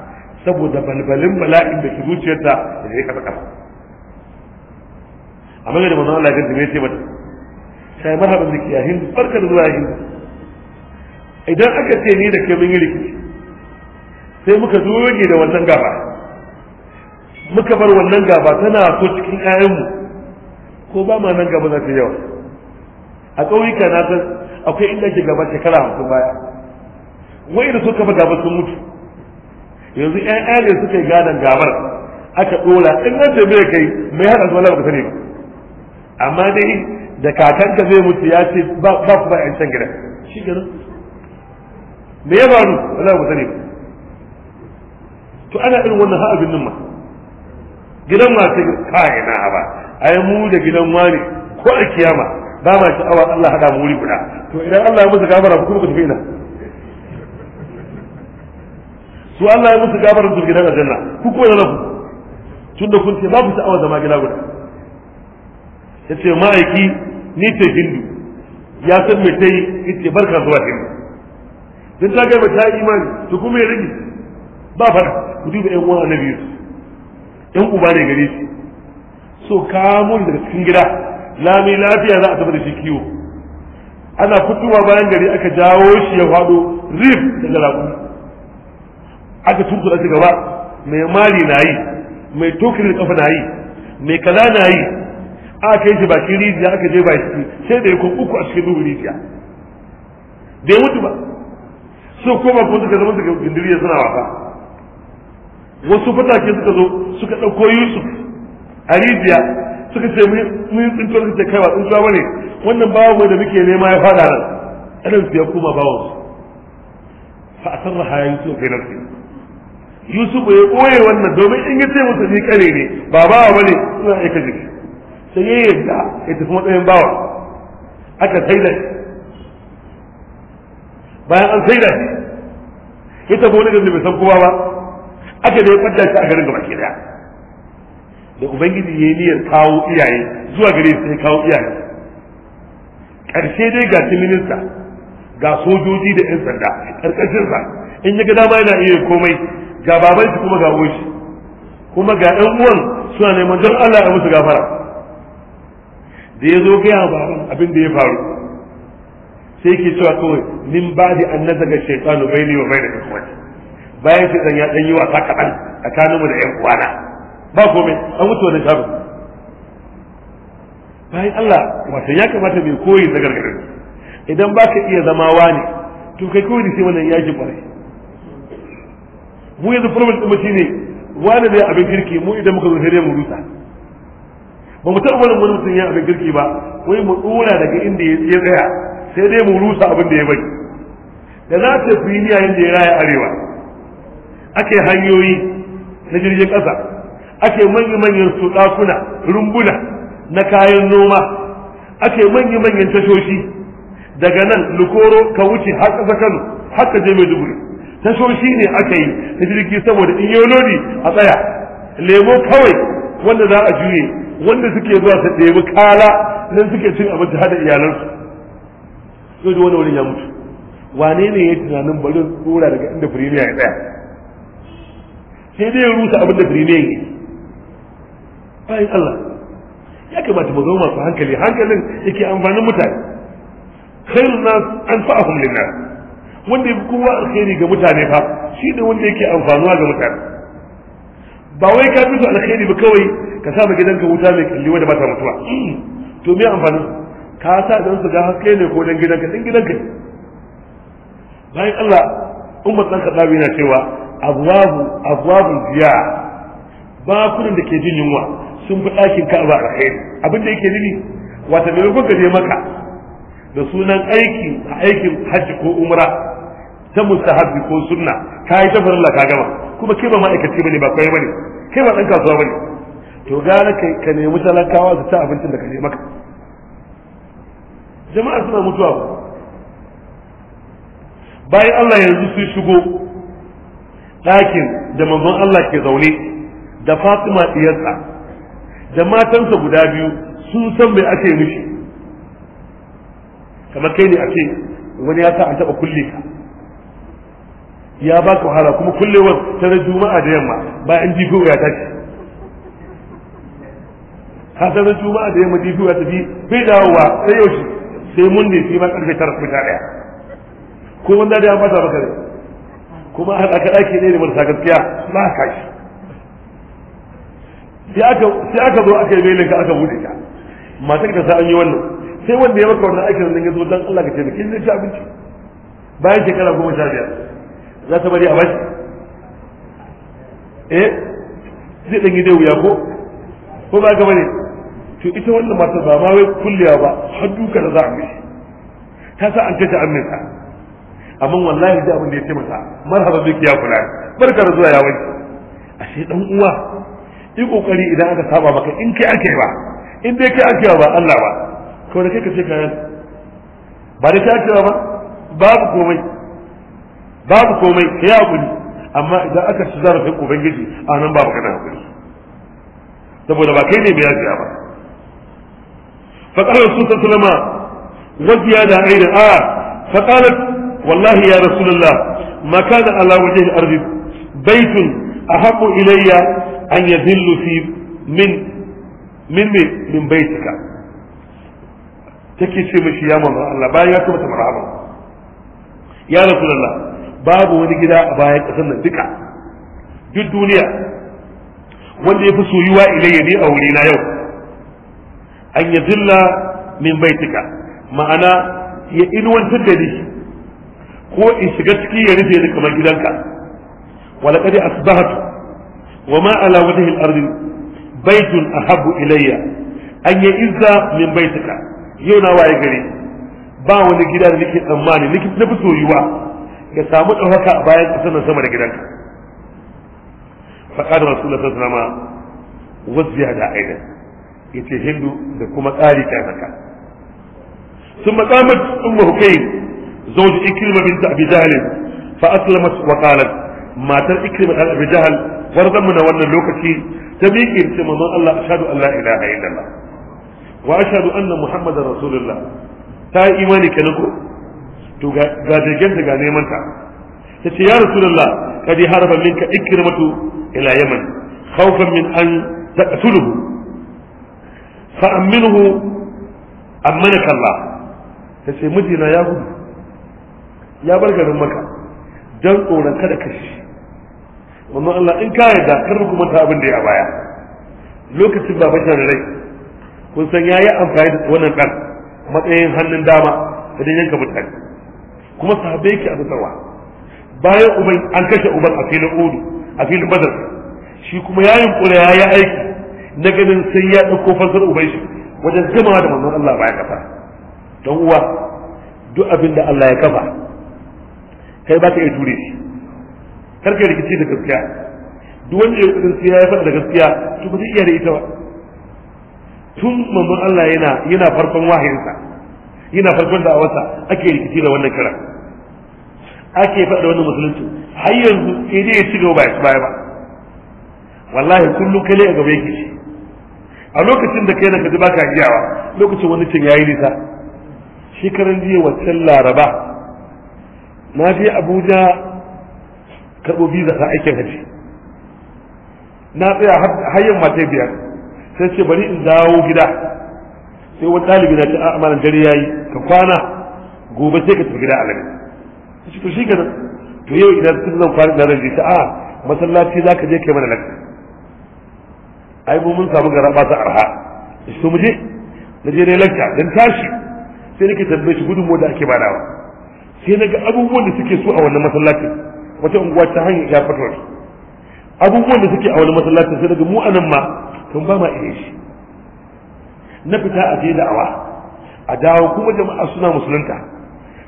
saboda balbalin bala'in da ke zuciyarta da zai kasa kasa a da manzo Allah ya gaji ce mata sai marhaban da kiya hindu farkar zuwa hindu idan aka ce ni da ke mun yi rikici sai muka doge da wannan gaba muka bar wannan gaba tana so cikin ƴaƴanmu ko ba ma nan gaba za ta yawa a ƙauyuka na san akwai inda ke gaba shekara hamsin baya wai da suka ba gaba sun mutu yanzu ƴaƴa ne suka yi gadon gabar aka ɗora in nan da bai kai mai hada zuwa baka sani ba amma dai da kakanka zai mutu ya ce ba ku ba ƴan can gida, shi gani me ya faru a baka sani ba to ana irin wannan ha abin nan ma gidan ma sai kai na ba ai mu da gidan wani ko a kiyama ba ma sha'awa Allah hada mu wuri guda to idan Allah ya musu gafara ku kuma ku tafi ina su Allah ya musu gabar su gidan aljanna ku ko da ku tun da kun ce babu awa zama gida guda yace ma'aiki ni ce hindu ya san me tai yace barka zuwa hindu duk ta ga ta imani to kuma ya rigi ba fara ku duba ƴan uwan annabi ɗan ƴan uba ne gare shi so mun daga cikin gida lami lafiya za a tabbata shi kiwo ana fitowa bayan gari aka jawo shi ya faɗo rif da laƙumi aka tuntu shi gaba mai mari na yi mai tokirin kafa na yi mai kaza na yi aka yi shi bakin rijiya aka je baki sai da ya uku a cikin duhu rijiya da ya mutu ba su koma ko suka zama suka ya suna wasa wasu fatake suka zo suka ɗauko yusuf a rijiya suka ce mun tsinto suka ce kai ba ne? wannan bawan mai da muke nema ya fada nan ɗan su ya koma bawan su fa a sarraha kai nan yusufu ya koye wannan domin in ya ce musu ni kare ne ba bawa bane suna aika jiki sai yayi da ya tafi matsayin bawa aka saida shi bayan an saida shi ya tafi wani gari bai san kowa ba aka da ya fadda shi a garin gaba ke daya da ubangiji ya yi niyyar kawo iyaye zuwa gare su ya kawo iyaye karshe dai ga minista ga sojoji da 'yan sanda sa in ya ga dama yana iya komai ga baban shi kuma ga uwan shi kuma ga ɗan uwan suna neman don Allah ya musu gafara da ya zo gaya baban abin da ya faru sai ke cewa kawai min ba da an ga shaitanu bai ne wa bai da ikhwati bayan shi zanya ɗan yi ta kaɗan mu da ƴan uwana ba komai an wuce wani shafin bayan Allah wata ya kamata mai koyi zagargarin idan ba ka iya zama wani to kai da sai wannan yaki kwarai mu yanzu problem ɗin shi ne wani ne abin girki mu idan muka zo sai dai mu rusa ba mu taɓa wani mutum ya abin girki ba wai mu ɗora daga inda ya tsaya sai dai mu rusa abin da ya bari da za ta fi yayin yadda ya raya arewa ake hanyoyi na jirgin ƙasa ake manya-manyan su ɗakuna rumbuna na kayan noma ake manya-manyan tashoshi daga nan lukoro ka wuce har ƙasa kano har ka je duburi tashoshi ne aka yi ta jirgi saboda in yi lodi a tsaya lemo kawai wanda za a juye wanda suke zuwa su ɗebi kala nan suke cin abinci hada iyalansu so da wani wani ya mutu wane ne ya tunanin bari tsora daga inda firimiya ya tsaya sai dai ya rusa abin da firimiya ya yi bayan Allah ya kamata mu zama masu hankali hankalin yake amfanin mutane khairun nas anfa'ahum lin nas wanda fi kowa alkhairi ga mutane fa shi ne wanda yake amfanuwa ga mutane ba wai ka fi alkhairi ba kawai ka sa gidanka wuta mai kalli wanda ba ta mutuwa to me amfanin ka sa dan su ga haske ne ko dan gidanka dan gidanka bayan Allah ummat dan kadabi na cewa abwabu abwabu ziya kudin da ke jin yunwa sun fi ɗakin ka'aba alkhairi abin da yake nini wata maimakon ka je maka da sunan aiki a aikin hajji ko umra ta mustahabbi ko sunna ka yi ta farilla ka gama kuma kai ba ma'aikaci bane ba kai bane kai ba dan kasuwa bane to gara ka nemi talakawa su ta abincin da ka nemi maka jama'a suna mutuwa bayan Allah yanzu sun shigo ɗakin da manzon Allah ke zaune da Fatima diyarsa da matansa guda biyu sun san mai ake mishi kamar kai ne a ce wani ya sa an taɓa kulle ka ya ba ka wahala kuma kullewar ta na juma'a da yamma ba in jigo ya tashi ka ta juma'a da yamma jigo ya tafi bai dawowa sai shi sai mun ne sai ma karfe tara kuma daya ko wanda da ya mata baka ne kuma a haɗa kaɗa ke ne da marasa gaskiya ba ka shi sai aka zo aka yi mailin ka aka buɗe ka matar ka sa an yi wannan sai wanda ya maka wannan aikin nan ya zo dan Allah ka ce da kin ci abinci bayan shekara goma sha biyar za ta bari a bai eh zai dan yi dai wuya ko ko ba ga bane to ita wannan matar ba ma wai kullewa ba har duka da za a mishi ta sa an ta an minta amma wallahi da abin da ya ce masa marhaba biki ya kula barka da zuwa ya a ashe dan uwa yi kokari idan aka saba maka in kai ake ba in dai kai ake ba Allah ba kawai da kai ka ce kayan ba da kai ake ba babu komai babu komai sai hakuri amma idan aka ci zarafin ubangiji a nan babu magana hakuri saboda ba kai ne bai yaji ba fa su rasul sallama wa ziyada aidan a fa wallahi ya rasulullah ma kana ala wajhi al-ard a ahabbu ilayya an ya yadhillu fi min min min baitika take ce mishi ya manzo Allah bayan ya kuma ta marhaba ya rasulullah babu wani gida a bayan ƙasar nan duka duk duniya wanda ya fi soyuwa ilayya ne a wurina yau an ya zilla min baitika ma'ana ya inuwantar da ni ko in shiga ciki ya rufe ni kamar gidanka Wala ala wajhi al على baytun ahabbu ilayya an إلي izza min من Yau na waye gari. ba wani gida da nake tsammani nake na fi soyuwa ya samu ɗaukaka a bayan ƙasar nan sama da gidanka faƙa da rasu da sassu nama wasu da aida ya ce hindu da kuma ƙari ta zaka sun maƙamar umma hukain zauji ikirma bin ta abijalin fa aslamat wa qalat matar ikirma dan abijal warzan mu na wannan lokaci ta miƙe ce mamman Allah ashhadu an la ilaha illallah wa ashhadu anna muhammadar rasulullah ta yi imani kenan ko to ga jirgin ga neman ta ta ce ya rasulullah kadi harba minka ikrimatu ila yaman khawfan min an taqtuluhu fa aminuhu amanaka Allah ta ce mijina ya gudu ya bar garin maka dan tsoron kada kashi wannan Allah in ka yarda kar ku manta abin da ya baya lokacin baban da rai kun san yayi amfani da wannan kan matsayin hannun dama da yanka mutane kuma sahabbai yake azarwa bayan uban an kashe uban a filin odu a filin badar shi kuma ya kula ya yi aiki na ganin sai ya ɗauko fasar uban shi wajen gama da manzon Allah baya kafa don uwa duk abin da Allah ya kafa kai ba ka iya ture shi karka rikici da gaskiya duk wanda ya kudin sai ya faɗa da gaskiya to ba zai iya da ita ba tun mamman Allah yana yana farkon wahayinsa yana farkon da wata ake rikici da wannan kira ake faɗa wannan musulunci har yanzu sai dai ya ci gaba ya baya ba wallahi kullum kale a gaba yake shi a lokacin da kai da kaji baka iyawa lokacin wani cin yayi nisa shekaran jiya waccan laraba na je abuja karɓo biza ta aikin hajji na tsaya har yamma ta biyar sai ce bari in dawo gida sai wani ɗalibi na ta amalan dare yi ka kwana gobe sai ka tafi gida a shi to shi kenan to yau idan sun zan kwana da rage ta a masallaci za ka je kai mana lakka ai mu mun samu garaba ta arha to mu je na je dai lakka dan tashi sai nake tambaye shi gudunmu da ake badawa sai naga abubuwan da suke so a wannan masallacin wata unguwa ta hanyar ya fatuwar abubuwan da suke a wani masallacin sai daga mu anan ma kan ba ma iya shi na fita a je da'awa a dawo kuma jama'a suna musulunta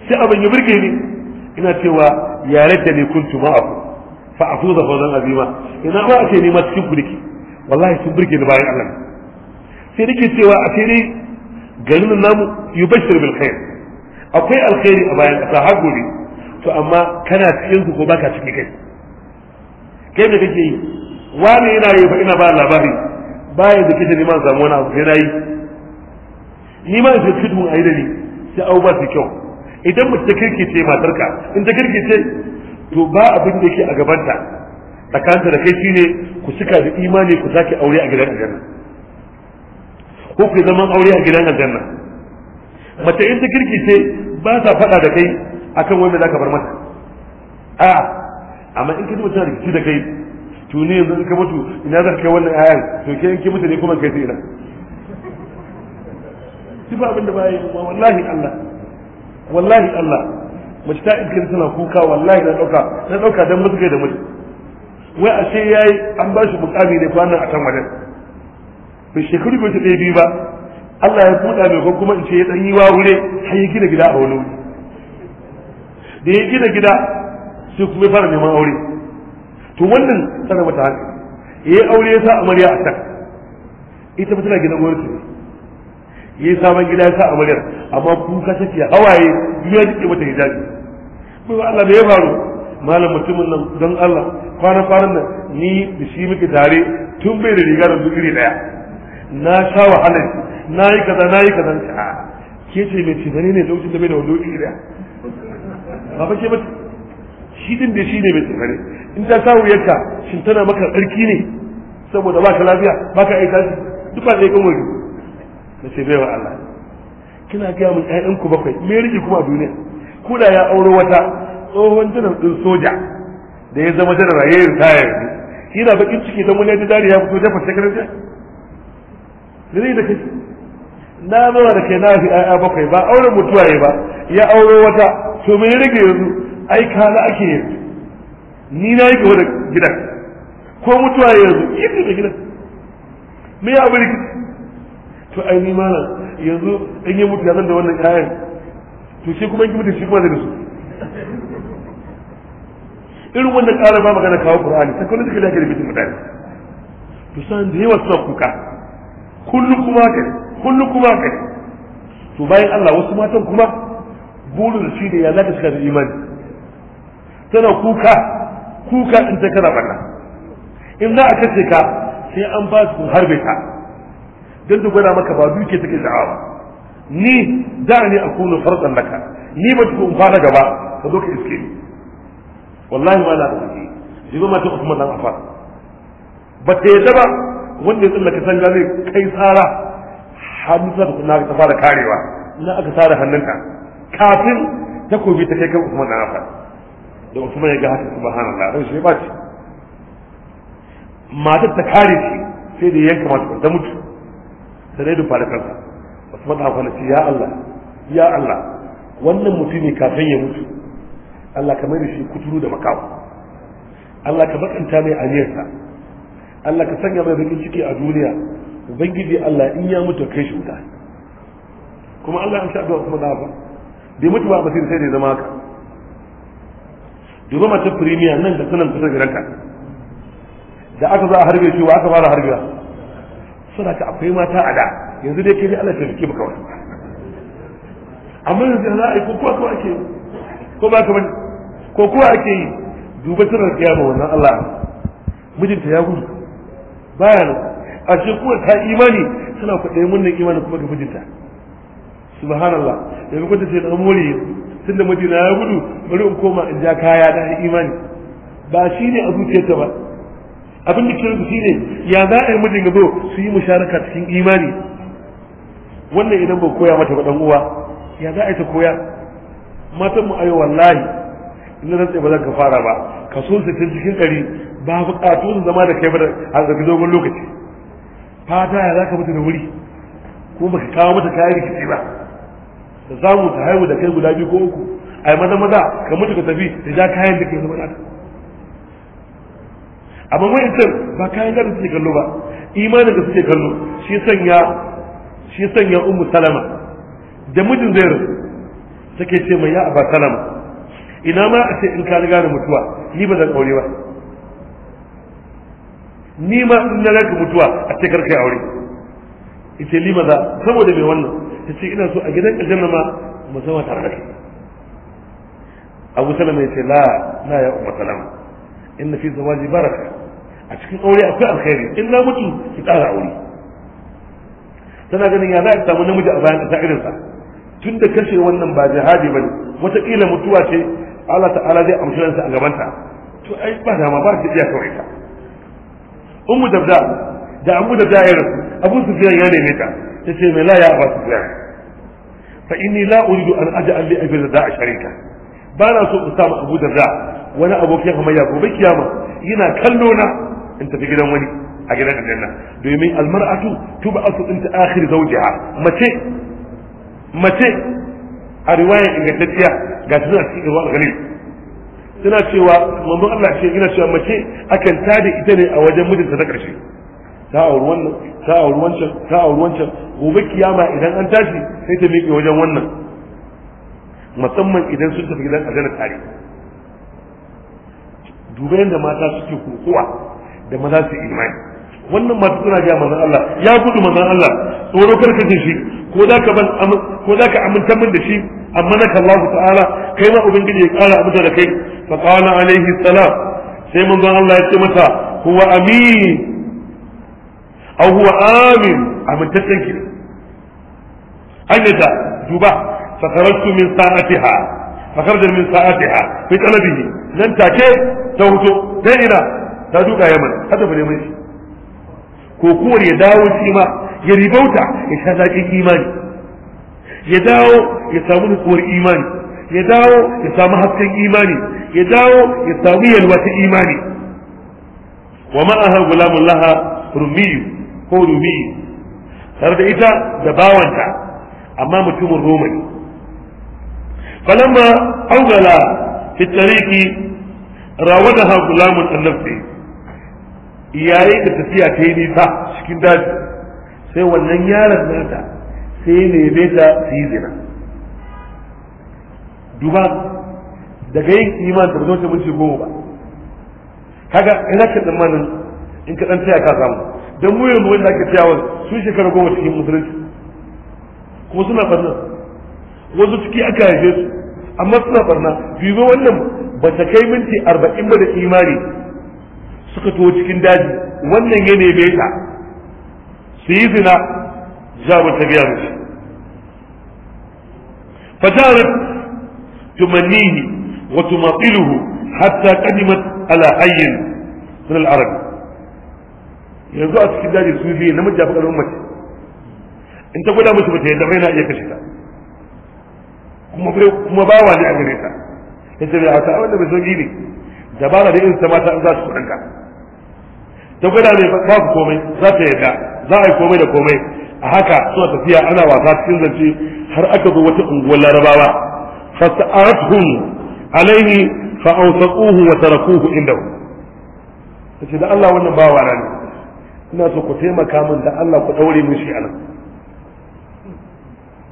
sai abin ya burge ni ina cewa yare da ne kuntu ma'aku fa afuza fawzan azima ina ba a ce ni ma cikin ku nake wallahi sun burge ni bayan Allah sai nake cewa a sai dai garin namu yubashir bil khair akwai alkhairi a bayan kasa har gobe to amma kana cikin ku ko baka cikin kai kai da kake yi wani yana yi ina ba labari bayan da kake neman samu wani abu sai na yi ni ma sai a ayi da ni sai abu ba su kyau idan mutum ta kirkice matarka in ta kirkice to ba abin da yake a gabanta tsakanta da kai shine ku cika da imani ku sake aure a gidan aljanna ko ku zaman aure a gidan aljanna mace in ta kirkice ba ta faɗa da kai akan wanda zaka bar mata a amma in ka ji mutum da kai to ne yanzu in ka mutu ina zaka kai wannan ayan to ke in ki mutu ne kuma kai sai ina duk abin da baya yi wallahi Allah wallahi Allah mace ta iskar tana kuka wallahi na dauka na dauka dan mutuke da mutu wai ashe yayi an ba shi bukami ne nan a can wajen bai shekaru bai ta biyu ba Allah ya buɗa mai ko kuma in ce ya dan yi wawure har ya gina gida a wani wuri da ya gina gida sai kuma ya fara neman aure to wannan tsara mata hankali ya yi aure ya sa amarya a can ita ba tana gina gwamnati yi sabon gida ya sa a amaryar amma kuka ce hawaye ya duke mata hijabi ba Allah me ya faru malam mutumin nan don Allah kwana kwanan nan ni da shi muke tare tun bai da riga da duk daya na sha wahala na yi kaza na yi kaza ta ke ce mai ce ne lokacin da bai da wani iri daya ba fa ce ba shi din da shi ne mai tsare in ta sa wuyarka shin tana maka tsarki ne saboda ba ka lafiya ba ka aika duk ba zai kan wuri na ce baiwa Allah kina gaya mun ƴaƴan ku bakwai me rike kuma duniya ko da ya auro wata tsohon janar din soja da ya zama janar ya yi ritaya yanzu kina bakin ciki don wani ya dariya ya fito jafa sakaraja da zai da kai na zama da kai na fi ƴaƴa bakwai ba auren mutuwaye ba ya auro wata to me rike yanzu ai kana ake yanzu ni na yi gaba da gidan ko mutuwaye yanzu yi da gidan me ya abu rikici to ai ni malam yanzu in yi mutu ya zan da wannan kayan to shi kuma in ki mutu shi kuma da su irin wannan ƙara ba magana kawo qur'ani ta kullum suka lafiya da bitin mutane to sa da yawa suna kuka kullum kuma ka kullum kuma ka to bayan Allah wasu matan kuma burin shi da ya zaka shiga da imani tana kuka kuka in ta kana barna in za a kace ka sai an ba su harbe ka don da gwada maka ba duke take sha'awa ni da ne a kunu farɗan naka ni ba tukun fara gaba ka zo ka iske ni wallahi ma na da suke shi zama ta kuma dan afa. ba ta yadda ba wanda ya tsallaka sanga zai kai tsara hannu sa tukuna ta fara karewa ina aka tsara hannunka. kafin takobi ta kai kan kuma dan afa. da kuma ya ga haka subhanallah ran shi ba ce matar ta kare shi sai da yanka mata ta mutu sai da fara kansa Usman Affan ce ya Allah ya Allah wannan mutumi kafin ya mutu Allah ka mai da shi kuturu da makawa Allah ka matsanta mai aniyarsa Allah ka sanya mai bakin ciki a duniya ubangiji Allah in ya mutu kai shi wuta kuma Allah an sha addu'a Usman Affan bai mutu ba basir sai da zama haka duba mata premier nan da sanar kusa da aka za a harbe shi wa aka fara harbe. saboda akwai mata a da yanzu dai kai Allah taimake maka wasu amma yanzu za a yi ko kuwa ko ake yi ko ba ka bane ko kuwa ake yi duba tana ma wannan Allah mijinta ya gudu baya nan a ce kuwa ta imani tana kwaɗayi munnan imani kuma ga mijinta subhanallah yanzu kwata ce dan tun da mijina ya gudu bari in koma in ja kaya da imani ba shi ne a zuciyarta ba abin da kiran shi ne ya za a yi mijin gado su yi musharaka cikin imani wannan idan ba koya mata ba uwa ya za a yi ta koya matan mu ayo wallahi Ina zan tsaye ba zan ka fara ba Ka so su cikin ɗari ba buƙatu su zama da kai ba a zafi dogon lokaci fata ya za ka mutu da wuri ko ba ka kawo mata kayan rikici ba da za mu ta haihu da kai guda biyu ko uku yi maza maza ka mutu ka tafi da ja kayan da ke zama ta amma wa'ancan ba kayan da suke kallo ba imanin da suke kallo shi sanya shi sanya ummu salama da mijin zai rasu take ce mai ya aba salama ina ma a ce in ka riga da mutuwa ni ba zan aure ba ni ma in na ranka mutuwa a ce karka aure ita ni maza saboda mai wannan ta ce ina so a gidan aljanna ma mu zama tare da kai abu salama ya ce la na ya umma salama inna fi zawaji baraka a cikin aure akwai alkhairi in na mutu ki tsara aure tana ganin ya za a samu namiji a bayan ƙasa sa tun da kashe wannan ba jihadi ba ne wataƙila mutuwa ce Allah ta'ala zai amshi ransa a gabanta to ai ba dama ba ta iya kawai ta ummu dabda da abu da da ya rasu abu sufyan ya neme ta ta ce mai la ya abu sufyan fa inni la uridu an aj'al li abi da sharika ba na so in samu abu da wani abokin hamayya gobe kiyama yana kallo na in tafi gidan wani a gidan aljanna domin almar'atu tub'atu ta akhir zawjiha mace mace a riwayar ingantacciya ga suna zuwa cikin ruwan galil suna cewa manzon Allah ce yana cewa mace akan tada ita ne a wajen mijinta na karshe ta auri wannan ta auri wancan ta auri wancan gobe kiyama idan an tashi sai ta miƙe wajen wannan musamman idan sun tafi gidan aljanna tare Duba da mata suke kokowa da maza su imani wannan mata suna ga manzon Allah ya gudu manzon Allah tsoro karkace shi ko za ka ban ko za ka aminta min da shi amma na Allah ta'ala kai ma ubangiji ya kara abuda da kai fa qala alaihi salam sai manzon Allah ya ce mata huwa amin aw huwa amin amintaccen ki anyata duba fakararsu min sa'atiha fakar da min sa'atiha fi talabihi nan take ta huto dai ina ta duka mana haka bane mai shi ko kuwar ya dawo shi ma ya ribauta ya sha zaƙin imani ya dawo ya samu nutsuwar imani ya dawo ya samu hasken imani ya dawo ya samu yalwa imani wa ma ma'aha gulamun laha rumiyu ko rumiyu tare da ita da bawanta amma mutumin romani فلما augala في tariki راودها غلام annabti Iyaye da tafiya ta yi nisa cikin daji sai wannan yaron nata sai neme ta su yi zina duba daga yin iman da zoce mun ce goma ba kaga ina ka tsammanin in ka dan taya ka samu dan mu yanzu wanda ake tsayawa su shekara goma cikin musulunci kuma suna barna wasu ciki aka haife su amma suna barna bizo wannan ba ta kai minti arba'in ba da imani suka tuwo cikin daji wannan ya neme ta su yi zina jabu ta biya mishi fajarat tumannihi wa tumatiluhu hatta kadimat ala hayyin min al-arab yanzu a cikin daji su biyu namiji abu karfin mace in ta gwada musu mace yadda bai na iya kashe ta kuma bai kuma ba wa ne a gare ta yace da haka abinda bai sauki ne dabara da irin ta mata za su ɗanka. ta gwada mai babu komai za ta yarda za a yi komai da komai a haka suna tafiya ana wasa cikin zance har aka zo wata unguwar larabawa fasa'atuhum alaihi fa awsaquhu wa tarakuhu indahu tace da Allah wannan bawa na ne ina so ku taimaka min da Allah ku daure min shi anan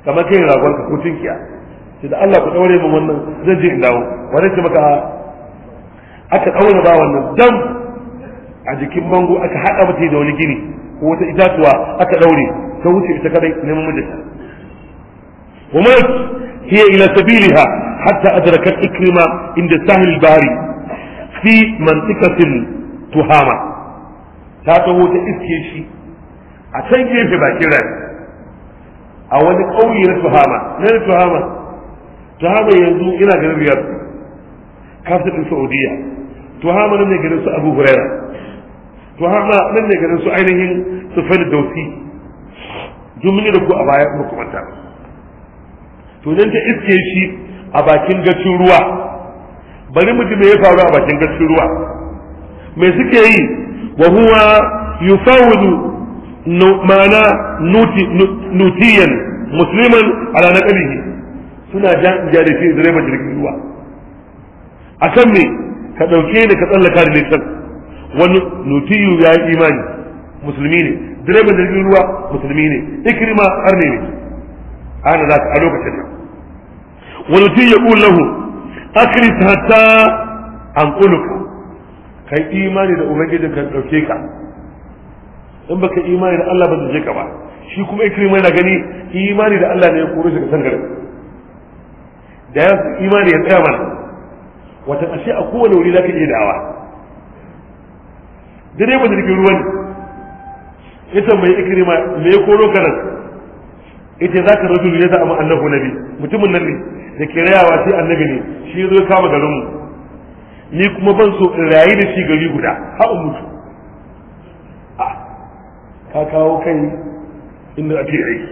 kamar kai ragon ka ko tinkiya ce da Allah ku daure min wannan zan je in dawo wani ce maka aka daure ba wannan dan a jikin bango aka haɗa mata da wani gini ko wata itatuwa aka ɗaure ta wuce ita kadai neman mijinta ومات هي إلى سبيلها حتى أدركت إكرمة عند ساحل البحري في منطقة تهامة تاتو تإسكيشي أتن كيف باكرا أولي قوي لتهامة لين تهامة تهامة ينزو إلى غير الرياض كافة السعودية تهامة لم يجلس أبو هريرة to har ma nan ne ganin su ainihin su dauki duk mun yi da ku a baya kuma kuma to idan ta iske shi a bakin gacin ruwa bari mu ji ya faru a bakin gacin ruwa me suke yi wa huwa yufawidu ma'ana nutiyan musliman ala naqalihi suna jarifi direban jirgin ruwa A kan me ka ɗauke ni ka tsallaka da nisan wani nutiyu ya yi imani musulmi ne direban da jirgin ruwa musulmi ne ikrima har ne ne ana za a lokacin nan wani tun ya ƙun lahu akrit hatta an ƙuluka kai imani da ubangijin kan ɗauke ka in baka imani da Allah ba zai ka ba shi kuma ikrima yana gani imani da Allah ne ya kore shi ga sangarin da ya imani ya tsaya mana wata ashe a kowane wuri za ka iya da'awa Dare ba jirgin ruwa ne ita mai ikirima me ya koro karan ita za ka rajulu ya za'ama annahu nabi mutumin nan ne da ke rayawa sai annabi ne shi ya zo kama garinmu ni kuma ban so in rayu da shi gari guda har mutu mutu ka kawo kai inda ake aiki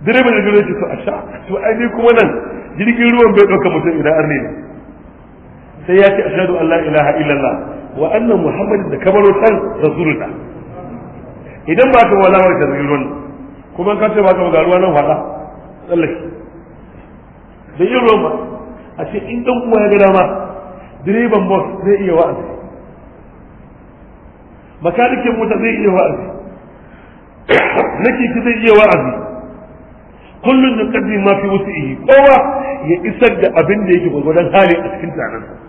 direban jirgin ruwa ce to a sha to ai ni kuma nan jirgin ruwan bai ɗauka mutum idan arne ne sai ya ce ashadu Allah ilaha illallah wa annan muhammadin da kamaro san rasulullah idan ba ka wala mai tazgirun kuma ka ce ba ka ga ruwa nan fada tsallake da yin roma a ce in dan uwa ya ga dama direban bus zai iya wa'azi makanikin mota zai iya wa'azi nake ki zai iya wa'azi kullun da kaddi ma fi wusi'i kowa ya isar da abin da yake gwagwadon hali a cikin tsananta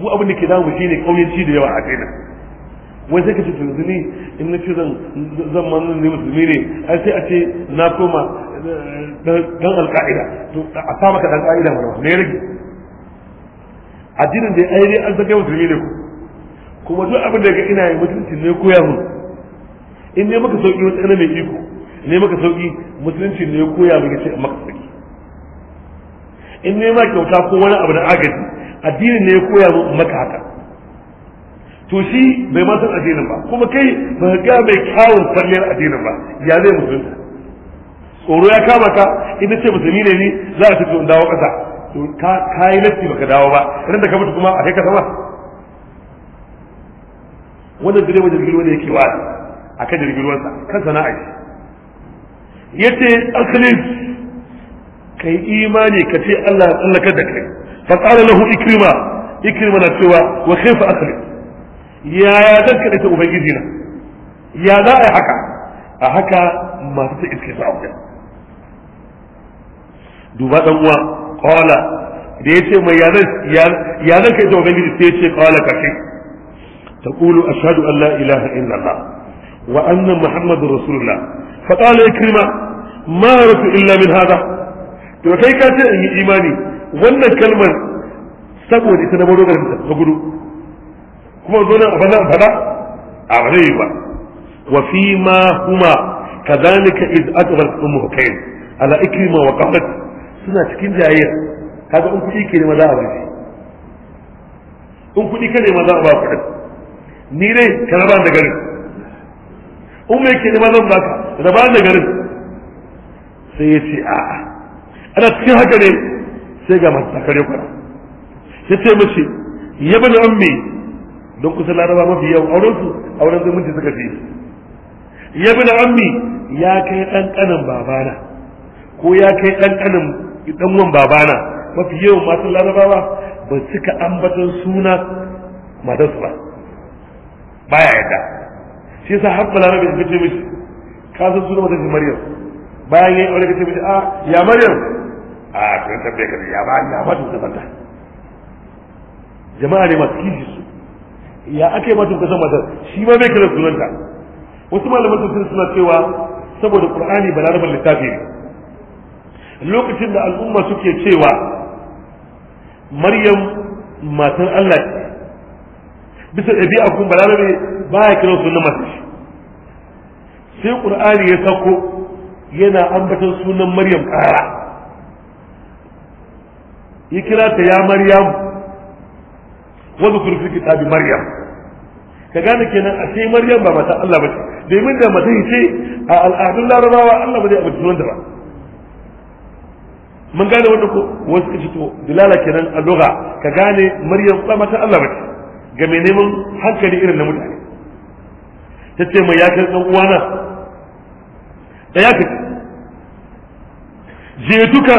mu abin da ke damu shine kauyanci da yawa a kaina wai sai ka ce yanzu in na ce zan manzan ne musulmi ne ai sai a ce na koma eh, dan alka'ida to a sa maka dan ka'ida mana ne rage addinin da ai an zaka musulmi ne kuma duk abin da ga ina yi mutunci ne koya mun in ne maka sauki wata ana mai iko ne maka sauki musulunci ne koya mun ya ce maka sauki in ne ma kyauta ko wani abu na agaji addinin ne ya koya zo maka haka to shi bai ma san addinin ba kuma kai ba ka ga mai kyawun kwalliyar addinin ba ya zai musulunta tsoro ya kama ka idan ce musulmi ne ni za a tafi dawo ƙasa to ka yi latti baka dawo ba idan da ka mutu kuma a kai ka sama wannan direba jirgin ruwa ne yake wa a kan jirgin ruwansa kan sana'a yace asalin kai imani ka ce Allah ya tsallakar da kai fa qala lahu ikrima ikrima na cewa wa kaifa akhli ya ya danka da ubangiji na ya za a haka a haka masu ta iske su abuja duba dan uwa qala da yace mai ya zan ya zan da allah وأن محمد رسول الله فقال إكرمة ما أردت إلا من هذا to kai ka ce in yi imani wannan kalmar saboda ita na madogarin ta ta gudu kuma zo nan bana bana a rai ba wa fi ma huma kadhalika iz akbar ummu kain ala ikrima wa qalat suna cikin jayayya kaga in kudi ke ne za a bari in kudi ka ne za a ba kuɗi? ni dai ka raba da garin in mai ke ne zan ba ka raba da garin sai ya ce a'a ana cikin haka ne sai ga masu takare kwana ta ce mace ya bani an mai don kusa laraba mafi yawan auren su auren zumunci suka fi ya bani an mai ya kai ɗanɗanan babana ko ya kai ɗanɗanan ɗanwan babana mafi yawan masu larabawa ba suka ambaton suna matarsu ba baya yadda shi yasa har balarabe ya ce mishi ka san sunan matarsa maryam bayan yi aure ka ce mishi a ah, ya maryam a tun tabbe ka ya ba ya ba tun sabanta jama'a ne masu kishi su ya ake ma tun kasan matar shi ma bai kira sunanta wasu malaman tafsir suna cewa saboda qur'ani balarabar littafi ne lokacin da al'umma suke cewa maryam matan Allah ce bisa ɗabi'a kun balarabe baya kira sunan masu shi sai qur'ani ya sako yana ambaton sunan maryam ƙara ya kira ta ya maryam wa zukur fi kitabi maryam ka gane kenan a sai maryam ba mata Allah bace domin da mata ce a al'adun larabawa Allah ba zai abu sunan ba mun gane wanda ko wasu kace to kenan a lugha ka gane maryam ba mata Allah bace ga mai neman hankali irin na mutane ta ce mai ya kai dan uwana da ya kace je duka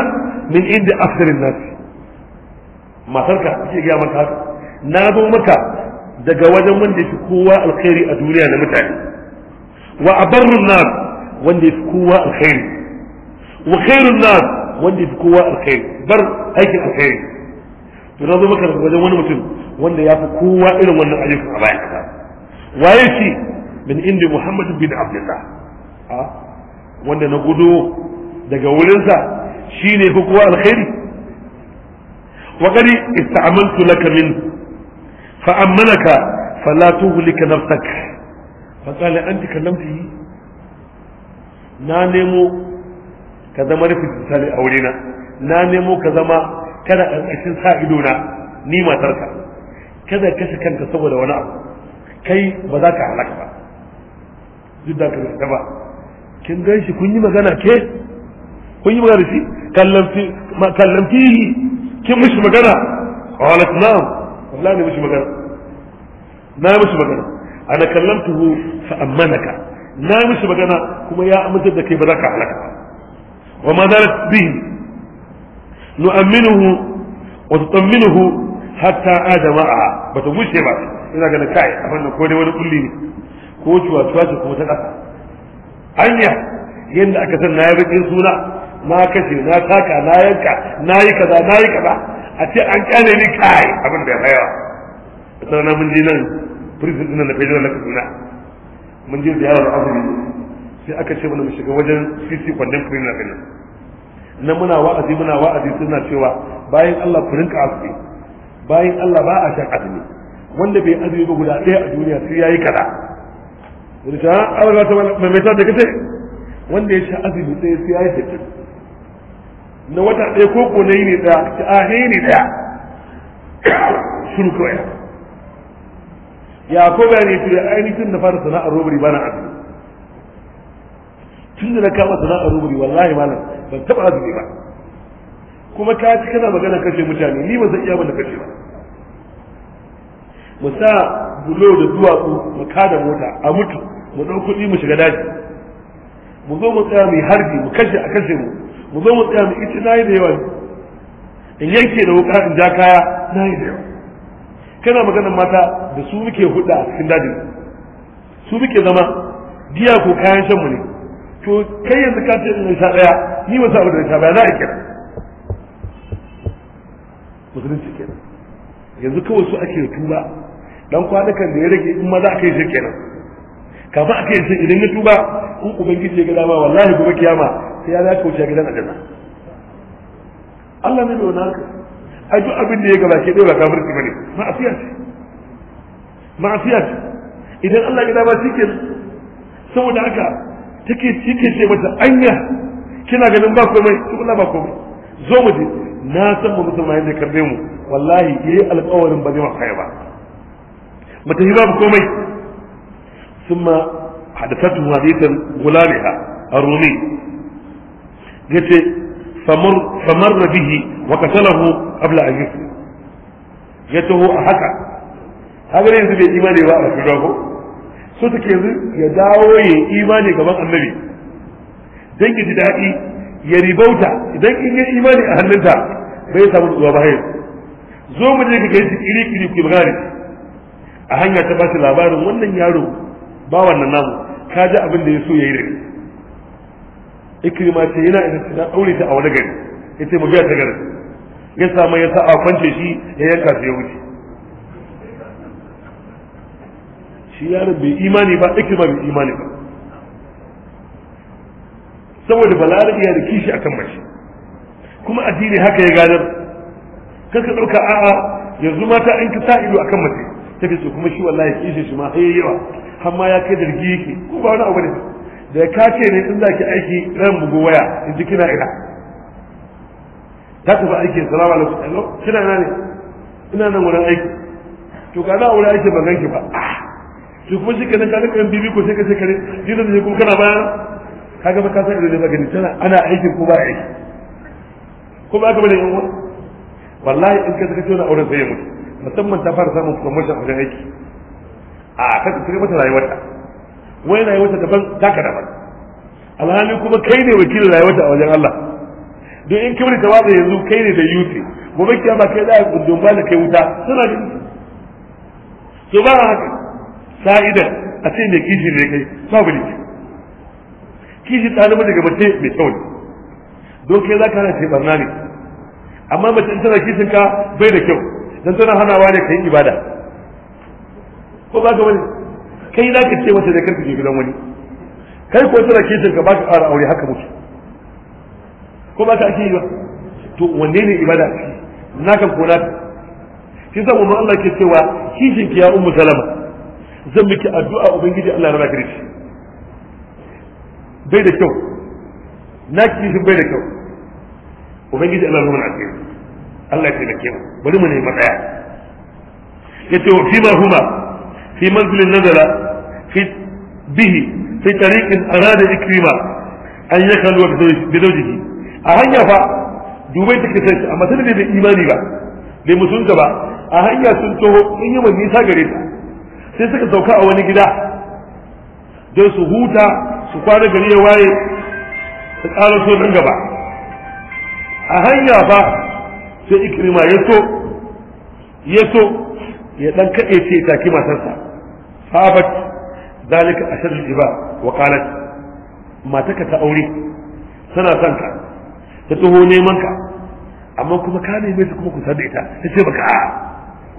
min inda afsarin nasi matarka suke gaya maka haka na zo maka daga wajen wanda fi kowa alkhairi a duniya na mutane wa abarrun nas wanda yafi kowa alkhairi wa khairun nas wanda fi kowa alkhairi bar aikin alkhairi to na zo maka daga wajen wani mutum wanda yafi kowa irin wannan ayyukan a bayan ka waye shi min indi muhammad bin abdullah ah, wanda na gudo daga wurinsa shine fi kowa alkhairi wa qad ista'amantu min fa ammanaka fala tuhlika nafsak fa qala anti kallamti na nemo ka zama rufi tsali aure na na nemo ka zama kada karkashin sa ido na ni matarka kada ka shi kanka saboda wani abu kai ba za ka halaka ba duk da ka ba kin gan kun yi magana ke kun yi magana shi kallan fihi kin mishi magana qalat na'am wallahi ne mishi magana na mishi magana ana kallamtuhu fa amanaka na mishi magana kuma ya amince da kai ba za ka halaka wa ma zalat bihi nu'minuhu wa tutamminuhu hatta ba ta bushe ba ina ganin kai a fannin ko dai wani kulli ne ko cuwa cuwa ce kuma ta kasa anya yadda aka san na ya bakin suna na kashe na saka na yanka na yi kaza na yi kaza a ce an kyale ni kai abin da ya fayawa sau na mun ji nan prison din na federal na kaduna mun ji da ziyarar azumi sai aka ce mana mu shiga wajen cc kwandon na din nan muna wa'azi muna wa'azi suna cewa bayan Allah ku rinka azumi bayan Allah ba a shan azumi wanda bai azumi ba guda ɗaya a duniya sai yayi kaza wanda ta ah, Allah ta mai mai ta da kace wanda ya sha azumi sai ya yi tafiya na wata ɗaya ko ko ne da ɗaya ta ahe ne ɗaya shuru kawai ya ko bayani ce ainihin na fara sana'ar robari ba na azumi tun da na kama sana'ar robari wallahi malam ban taɓa azumi ba kuma ka ci kana magana kashe mutane ni ba zan iya mana kashe ba mu sa bulo da duwatsu mu kada mota a mutu mu ɗau kuɗi mu shiga daji mu zo mu tsaya mu yi harbi mu kashe a kashe mu mu zo mu tsaya mu ita na yi da yawa in yanke da wuka in ja kaya na yi da yawa kana maganar mata da su muke huda a cikin dajin su muke zama giya ko kayan shanmu ne to kai yanzu ka ce in sha ɗaya ni wasu abu da sha ɗaya za a kira musulunci kenan yanzu kawai su ake tuba dan kwanukan da ya rage in ma aka a shi kenan ba a kai idan ya tuba in ubangiji ya ga dama wallahi gobe kiyama sai ya za ka wuce gidan aljanna Allah ne bai wani haka ai duk abin da ya gaba ke ɗaya ba kafirci bane ma'asiya ce ma'asiya ce idan Allah ya dama cikin saboda haka take cike ce mata anya kina ganin ba komai to Allah ba komai zo mu je na san mu yayin da karbe mu wallahi yayi alƙawarin ba zai makaya ba mata hiba komai ثم حدثته حديثا غلامها الرومي قلت فمر فمر به وقتله قبل ان يسلم يته هكا هذا yanzu bai imani ba a shugaba ko so take yanzu ya dawo ya imani gaban annabi dan ki ji daɗi ya ribauta idan in imani a hannunta bai samu zuwa ba zo mu je ka kai shi kiri kiri ku magana a hanya ta ba labarin wannan yaron. ba wannan namu ka ji abin da ya so ya yi rai. ikrima ce yana isa na aure ta a wani gari ya ce mu biya ta gari ya samu ya sa a kwance shi ya yanka su ya wuce shi yaron bai imani ba ikirma bai imani ba saboda balarabi iya da kishi akan mace kuma addini haka ya gadar kar ka ɗauka a'a yanzu mata in ka sa ido akan mace take ce kuma shi wallahi kishin shi ma sai yawa har ma ya kai zargi yake ko ba wani abu ne da ka ce ne in zaki aiki ran bugu waya in ji kina ina ta tafi aiki salamu alaikum hello kina na ne ina nan wurin aiki to ka za a aiki ban ganki ba ah, to kuma shi kenan ka ga kan bibi ko sai ka ce kare dinan ne kuma kana bayan kaga ba ka san irin da gani tana ana aiki ko ba aiki ko ba ka bane wallahi in ka ce tona auren sai ya mutu musamman ta fara samun promotion wajen aiki a kan tsiri mata rayuwarta wai rayuwarta daban taka daban alhali kuma kai ne wakilin rayuwarta a wajen Allah don in kimar ta watsa yanzu kai ne da yuti gobe kiyama kai za a kundin ba da kai wuta suna jin so ba a haka sa'idar a ce mai kishi ne kai babu ne kishi ɗaliban daga mace mai kyau ne don kai za ka hana ce barna ne amma mace in tana kishin ka bai da kyau dan tana hanawa ne kai ibada ko ba ka wani kai za ka ce mata zai karka gidan wani kai ko tana kishin ka ba ka fara aure haka mutu ko ba ka ake yi ba to wanne ne ibada na kan kona shi zan mu Allah ke cewa kishin ki ya ummu salama zan miki addu'a ubangiji Allah ya raka ki bai da kyau na kishin bai da kyau ubangiji Allah ya raka ki Allah ya taimake mu bari mu nemi matsaya yace wa fima huma fi manzilin nazala fi bihi fi tariqin arada ikrima an yakalu bi zawjihi a hanya fa dubai take sai amma sai da imani ba bai mutunta ba a hanya sun taho in yi mai nisa gare ta sai suka sauka a wani gida don su huta su kwana gari ya waye su ƙara so nan gaba a hanya fa sai ikrima ya so ya so ya dan kaɗe ce take matarsa sabat zalika ashar jiba wa qalat mataka ta aure tana son ka ta tuho neman ka amma kuma ka neme ta kuma kusa da ita ta ce baka a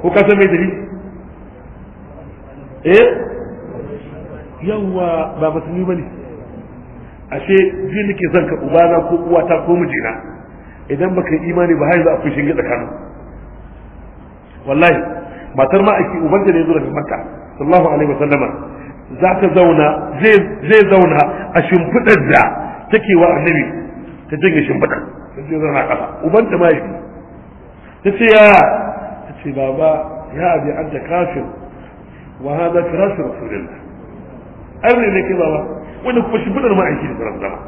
ko ka san mai dalili eh yawwa ba musulmi ne ashe jini nake zan ka ubana ko uwata ko mijina idan ka yi imani ba har za a fushin ga tsakanin wallahi matar ma aiki ubanta ne zuwa makka sallallahu alaihi wa sallama za ta zauna zai zauna a shimfiɗar da take wa annabi ta jinga shimfiɗar ta ce zauna kafa ubanta ma yi ta ce ya ta ce baba ya abi ta kafir wa hada firasu rasulillah ai ne kai baba wanda kuma shimfiɗar ma aiki da zama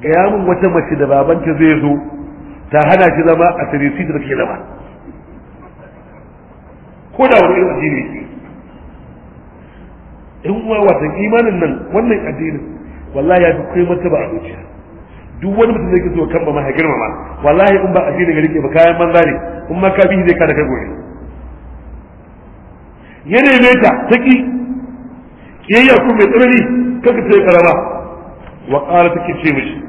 gaya min wata mace da babanta zai zo ta hana shi zama a sarisi da ke zama ko da wani irin addini ne in uwa wata imanin nan wannan addinin wallahi ya fi kai mata ba a zuciya duk wani mutum zai so kan ba ma ya girmama wallahi in ba addinin ga rike ba kayan banza ne in ma ka bihi zai kada kai goyi ya ne ta ta ki kiyayya ku mai tsanani kanka ta yi karama wa ƙara take ce mishi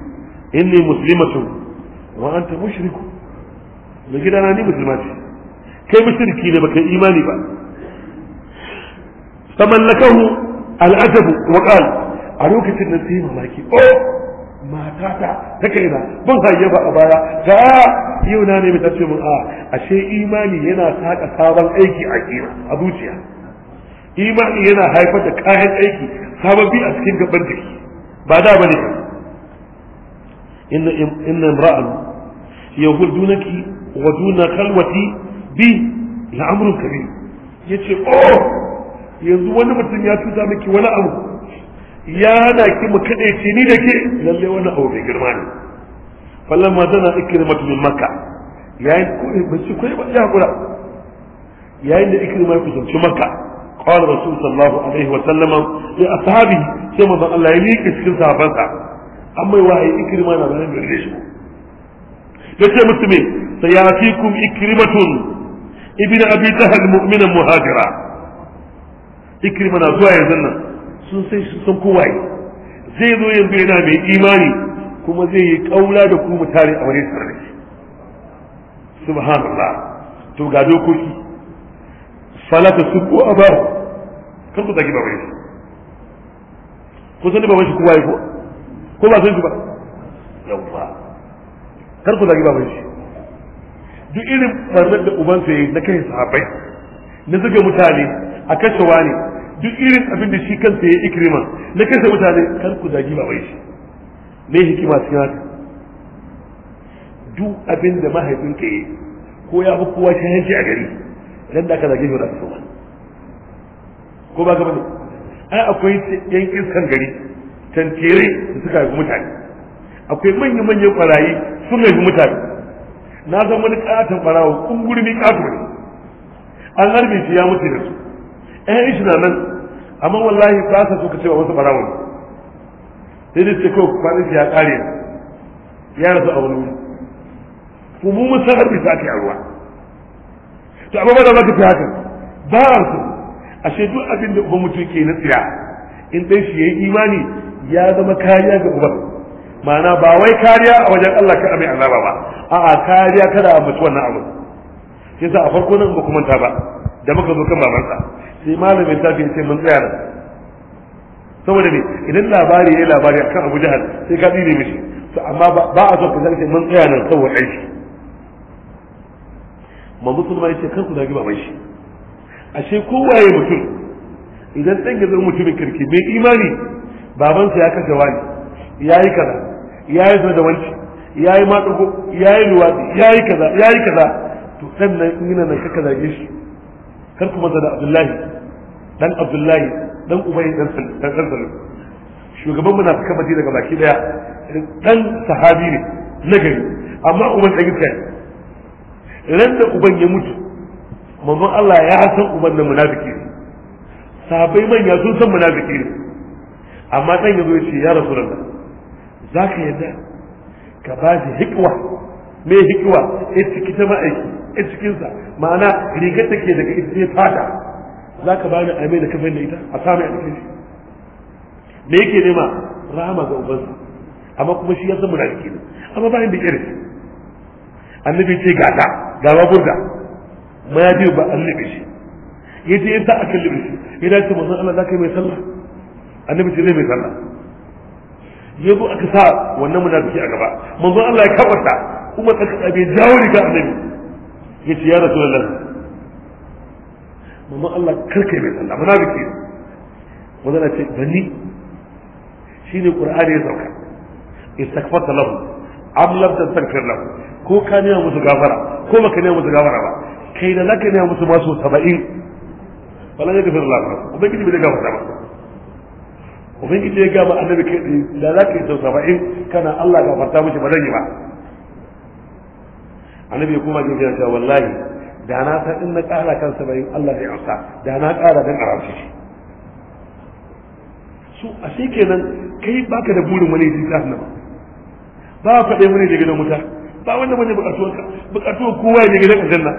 inni muslimatu wa anta mushriku gida gidana ni musulma ce kai mushriki ne baka imani ba famallakahu al'ajabu wa qala a lokacin da sai mamaki o oh, matata ta kaina ban ba a baya ga yau na nemi ta ce mun a ah, ashe imani yana saka sabon aiki a kira a zuciya imani yana haifar da kayan aiki sababbi a cikin gaban jiki ba da bane إن إن امرأ يقول دونك ودون خلوتي بي لأمر كبير يتشي أوه yanzu wani mutum ya cuta miki wani abu ya na ki mu kaɗe ce ni da ke lalle wani abu girma ne fallan ma zana ikirma min makka yayin ko ba ci ko kula da ikirma ya kusanci makka قال رسول صلى الله عليه وسلم لأصحابه كما الله يليك في صحابته an mai wahayi ikrima na zanen gare shi ya ce musu me sayatikum ikrimatun ibn abi jahal mu'minan muhajira ikrima na zuwa yanzu nan sun sai sun kowa zai zo yanzu yana mai imani kuma zai yi kaula da ku mu a wani sarari subhanallah to ga dokoki salata su ko ba kan ku zagi babai ku sani babai shi kowa yi ko ba san shi ba yawwa kar ku zagi baban shi duk irin barnar da ubansa yayi na kai sahabbai na zuge mutane a kashe wani duk irin abin da shi kansa yayi ikrima na kashe mutane kar ku zagi baban shi me hikima cikin haka duk abin da mahaifin yayi ko ya fi kowa hanci a gari idan da aka zage shi wani ko ba ka bane ai akwai yan iskan gari tantere da suka haifi mutane akwai manya-manyan barayi sun haifi mutane na zama wani katon barawo kungurmi kato ne an harbe shi ya mutu da su ɗayan shi na nan amma wallahi ba sa so ka cewa wasu barawo ne sai dai ce kawai ya kare ya rasu a wani wuri mu mun san harbe sa yi a ruwa to amma ba da za ka fi hakan ba su ashe duk abin da uban ke na tsira in ɗai shi ya yi imani ya zama kariya ga uban ma'ana ba wai kariya a wajen Allah ka mai azaba ba a'a kariya kada a mutu wannan abu yasa a farko nan ba kuma ta ba da muka zo kan babansa sai malamin tafi ce mun tsaya nan saboda me idan labari ya labari akan Abu Jahal sai ka dire mishi to amma ba a so ka zaka mun tsaya nan saboda aiki manzo sun ya ce kan ku zagi baban shi ashe kowaye mutum idan dan ya mutumin kirki mai imani babansa ya kashe wani ya yi kaza ya yi zai da wanci ya yi matsugo ya yi luwadi ya yi kaza ya yi kaza to sannan ina yana nan kaka zage shi kar kuma zana abdullahi dan abdullahi dan ubai dan salim shugaban munafikan madina daga baki daya dan sahabi ne na gari amma uban da gita ne ran da uban ya mutu manzon Allah ya san uban na munafiki ne sahabbai manya sun san munafiki ne amma dan yazo yace ya rasulullah zaka yadda ka ba shi hikwa me hikwa ita kita ma'aiki ita cikin sa ma'ana rigar take daga ita ne fata zaka ba ni amai da kafin da ita a sami a cikin shi me yake nema rahama ga ubansa amma kuma shi ya zama munafiki ne amma bayan da kirki annabi ce gata ga baburga ma ya biyu ba annabi shi yace in ta akalli shi yana ce manzon Allah zaka yi mai sallah annabi ce zai mai sallah ya zo aka sa wannan munafiki a gaba manzo Allah ya kafarta kuma tsaka bai jawo riga annabi ya ce ya rasulullahi manzo Allah karkai mai sallah munafiki manzo na ce bani shine ne ya sauka istaghfarta lahu am lam tastaghfir lahu ko ka nema musu gafara ko baka nema musu gafara ba kai da naka nema musu masu 70 wala ya gafara Allah ubangiji bai ba ita ya gama annabi kai da za ka yi sau saba'in kana Allah ka farta mishi ba zan yi ba annabi ya kuma ke gina cewa wallahi da na san in na ƙara kan saba'in Allah zai amsa da na ƙara dan a ramshe shi su a shi kenan kai baka da burin wani yi ta ba ba ka ɗaya wani daga gidan wuta ba wanda bane buƙatuwarka buƙatuwar kowa ya daga gidan aljanna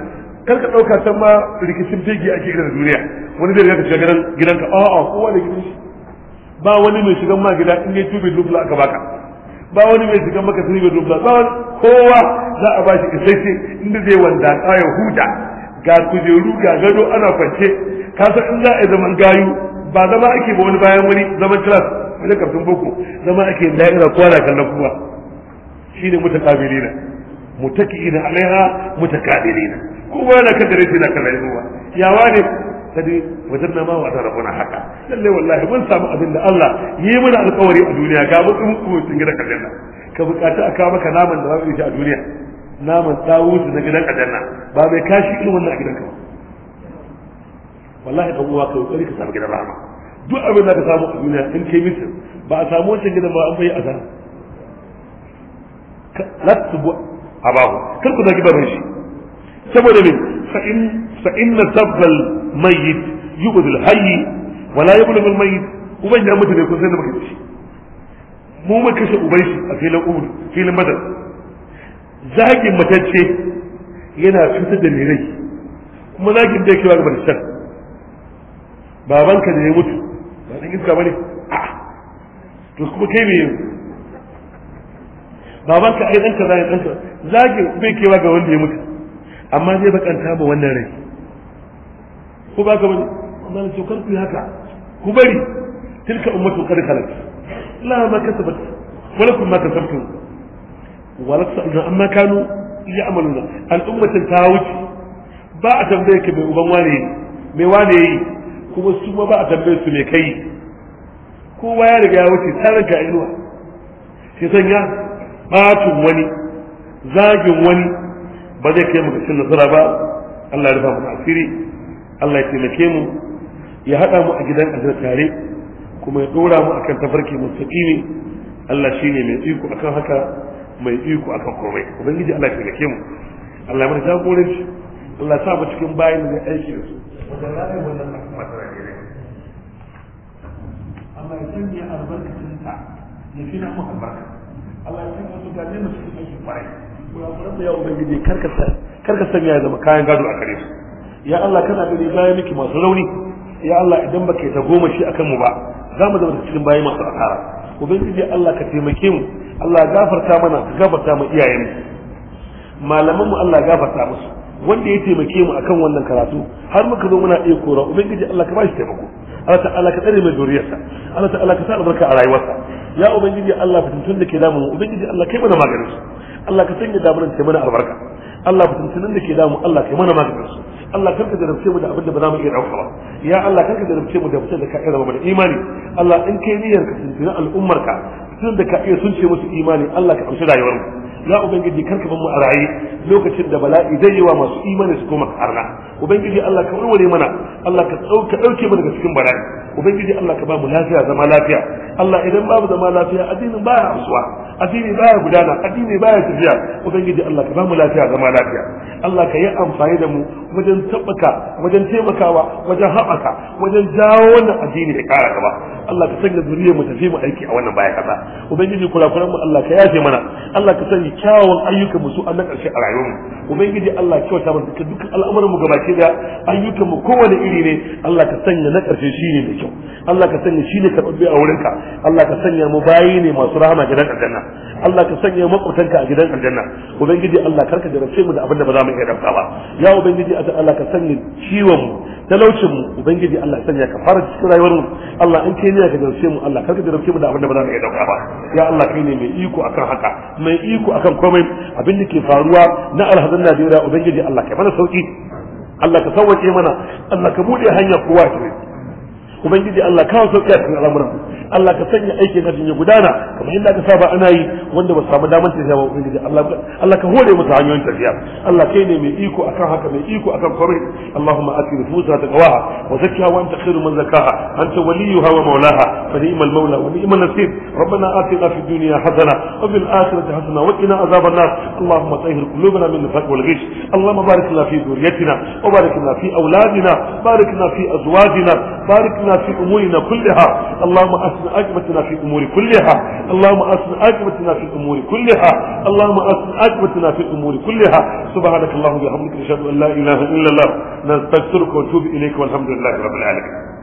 kar ka ɗauka can ma rikicin fegi ake gidan duniya wani zai riga ka shiga gidanka a'a kowa da gidan shi ba wani mai shigan ma gida in yi tubi lubla aka baka ba wani mai shigan maka tubi lubla ba kowa za a bashi isaice inda zai wanda ya huta ga kujeru ga gado ana kwance ka san in za a yi zaman gayu ba zama ake ba wani bayan wani zaman class wani karfin boko zama ake ina kwana kallon kowa shine mutakabilina mutakina alaiha mutakabilina kowa yana kan dare na kallon kowa yawa ne wajen na ma wa tarafuna haka lalle wallahi mun samu abin da Allah yi mana alƙawari a duniya ga mu mu cin gidan aljanna ka bukaci a kawo maka naman da za mu yi a duniya naman tawusu na gidan aljanna ba mai kashi irin wannan a gidan ka wallahi dan uwa ka kokari ka samu gidan rahama duk abin da ka samu a duniya in kai mutum ba a samu wancan gidan ba an bai azan latsu abahu kar ku zagi baban shi saboda me فإن فإن سب الميت يؤذي الحي ولا يبلغ الميت وبين يا مدن يكون سنة مكتش مو مكش أبيش في الأول في المدن زاجي yana cutar da rai kuma zagin da yake ba ga shan babanka da ya mutu ba dan iska bane a to babanka ai danka zai danka zagin bai kewa ga wanda ya mutu amma zai bakanta ba wannan rai ko ba ka amma wannan to ku haka ku bari tilka ummatu qad khalat la ma kasabat wala lakum ma kasabtu wala sa idan amma kanu ya'maluna al'ummatin ta wuce ba a tambaye ka mai uban wane mai wane yi kuma su ma ba a tambaye su mai kai kowa ya riga ya wuce tsarin ka inuwa sai sanya batun wani zagin wani ba zai kai mu ga cin nasara ba Allah ya rufa mu asiri Allah ya taimake mu ya hada mu a gidan azar tare kuma ya dora mu akan tafarki ne. Allah shine mai iko akan haka mai iko akan komai ubangiji Allah ya taimake mu Allah ya mana jagoranci Allah sa mu cikin bayin da aiki da su wadannan wannan matsala ne Allah ya sanya albarkacinta ya fi na mu albarka Allah ya sanya su gane mu cikin aikin kwarai kurakuran da ya ubangiji karka sanya ya zama kayan gado a kare su ya Allah kana gani bayan miki masu rauni ya Allah idan baka yi ta goma shi a kanmu ba za mu zama cikin bayi masu asara ubangiji Allah ka taimake mu Allah gafarta mana ka gafarta mu iyayen mu malaman mu Allah gafarta musu wanda ya taimake mu akan wannan karatu har muka zo muna iya kora ubangiji Allah ka ba shi taimako Allah ta'ala ka tsare mai duriyarsa Allah ta'ala ka sa albarka a rayuwarsa ya ubangiji Allah fitintun da ke damu ubangiji Allah kai mana maganin su Allah ka sanya damunan kai mana albarka Allah ka tuntunan da ke damu Allah kai mana maganin su Allah kar ka jarabce mu da abin da ba za mu iya ɗauka ba ya Allah kar ka jarabce mu da fitar da ka iya raba da imani Allah in kai niyyar ka tuntuna al'ummar ka fitar da ka iya sunce musu imani Allah ka amshi rayuwar mu ya ubangiji karka ban mu a raye lokacin da bala'i zai yi wa masu imani su koma arna ubangiji Allah ka warware mana Allah ka dauka dauke mu daga cikin bala'i ubangiji Allah ka ba mu lafiya zama lafiya Allah idan babu zama lafiya addinin baya asuwa addini baya gudana addini baya tafiya ubangiji Allah ka ba mu lafiya zama lafiya Allah ka yi amfani da mu wajen tabbaka wajen taimakawa wajen haɓaka wajen jawo wannan addini da ƙara gaba Allah ka sanya zuriyar mu tafi mu aiki a wannan baya kasa ubangiji kula mu Allah ka yafe mana Allah ka sanya cikin kyawun ayyukan mu su Allah karshe a rayuwar mu ubangiji Allah kyauta mu duka dukkan al'amuran mu gabaki da ayyukan mu kowane iri ne Allah ka sanya na karshe shine mai kyau Allah ka sanya shine karbabbe a wurinka Allah ka sanya mu bayi ne masu rahama gidan aljanna Allah ka sanya makwabtanka a gidan aljanna ubangiji Allah karka jarabce mu da abin da ba za mu iya rabta ba ya ubangiji Allah ka sanya ciwon mu talaucin mu ubangiji Allah san ya sanya fara cikin rayuwar mu Allah an kai niyya ka dauke mu Allah karka dauke mu da abin da ba za mu iya dauka ba ya Allah kai ne mai iko akan haka mai iko akan komai abin da ke faruwa na alhazan Najeriya ubangiji Allah kai mana sauki Allah ka sauwake mana Allah ka bude hanya kowa ta ubangiji Allah kawo sauki a cikin al'amuran mu Allah ka sanya aikin hajjin ya gudana kamar yadda ka saba ana yi wanda ba su samu damar tafiya ba ubangiji Allah ka hore musu hanyoyin tafiya Allah kai ne mai iko akan haka mai iko akan komai Allahumma ati nufusana taqwaha wa zakkiha wa anta khairu man zakkaha anta waliyuha wa mawlaha fa ni'mal mawla wa ni'mal nasir ربنا آتنا في الدنيا حسنة وفي الآخرة حسنة وقنا عذاب النار اللهم طهر قلوبنا من الفقر والغش اللهم بارك لنا في ذريتنا وبارك لنا في أولادنا بارك لنا في أزواجنا بارك لنا في أمورنا كلها اللهم أسر أسن عاقبتنا في أمور كلها اللهم أسن عاقبتنا في الأمور كلها اللهم أسن عاقبتنا في الأمور كلها سبحانك اللهم وبحمدك نشهد أن لا إله إلا الله نستغفرك ونتوب إليك والحمد لله رب العالمين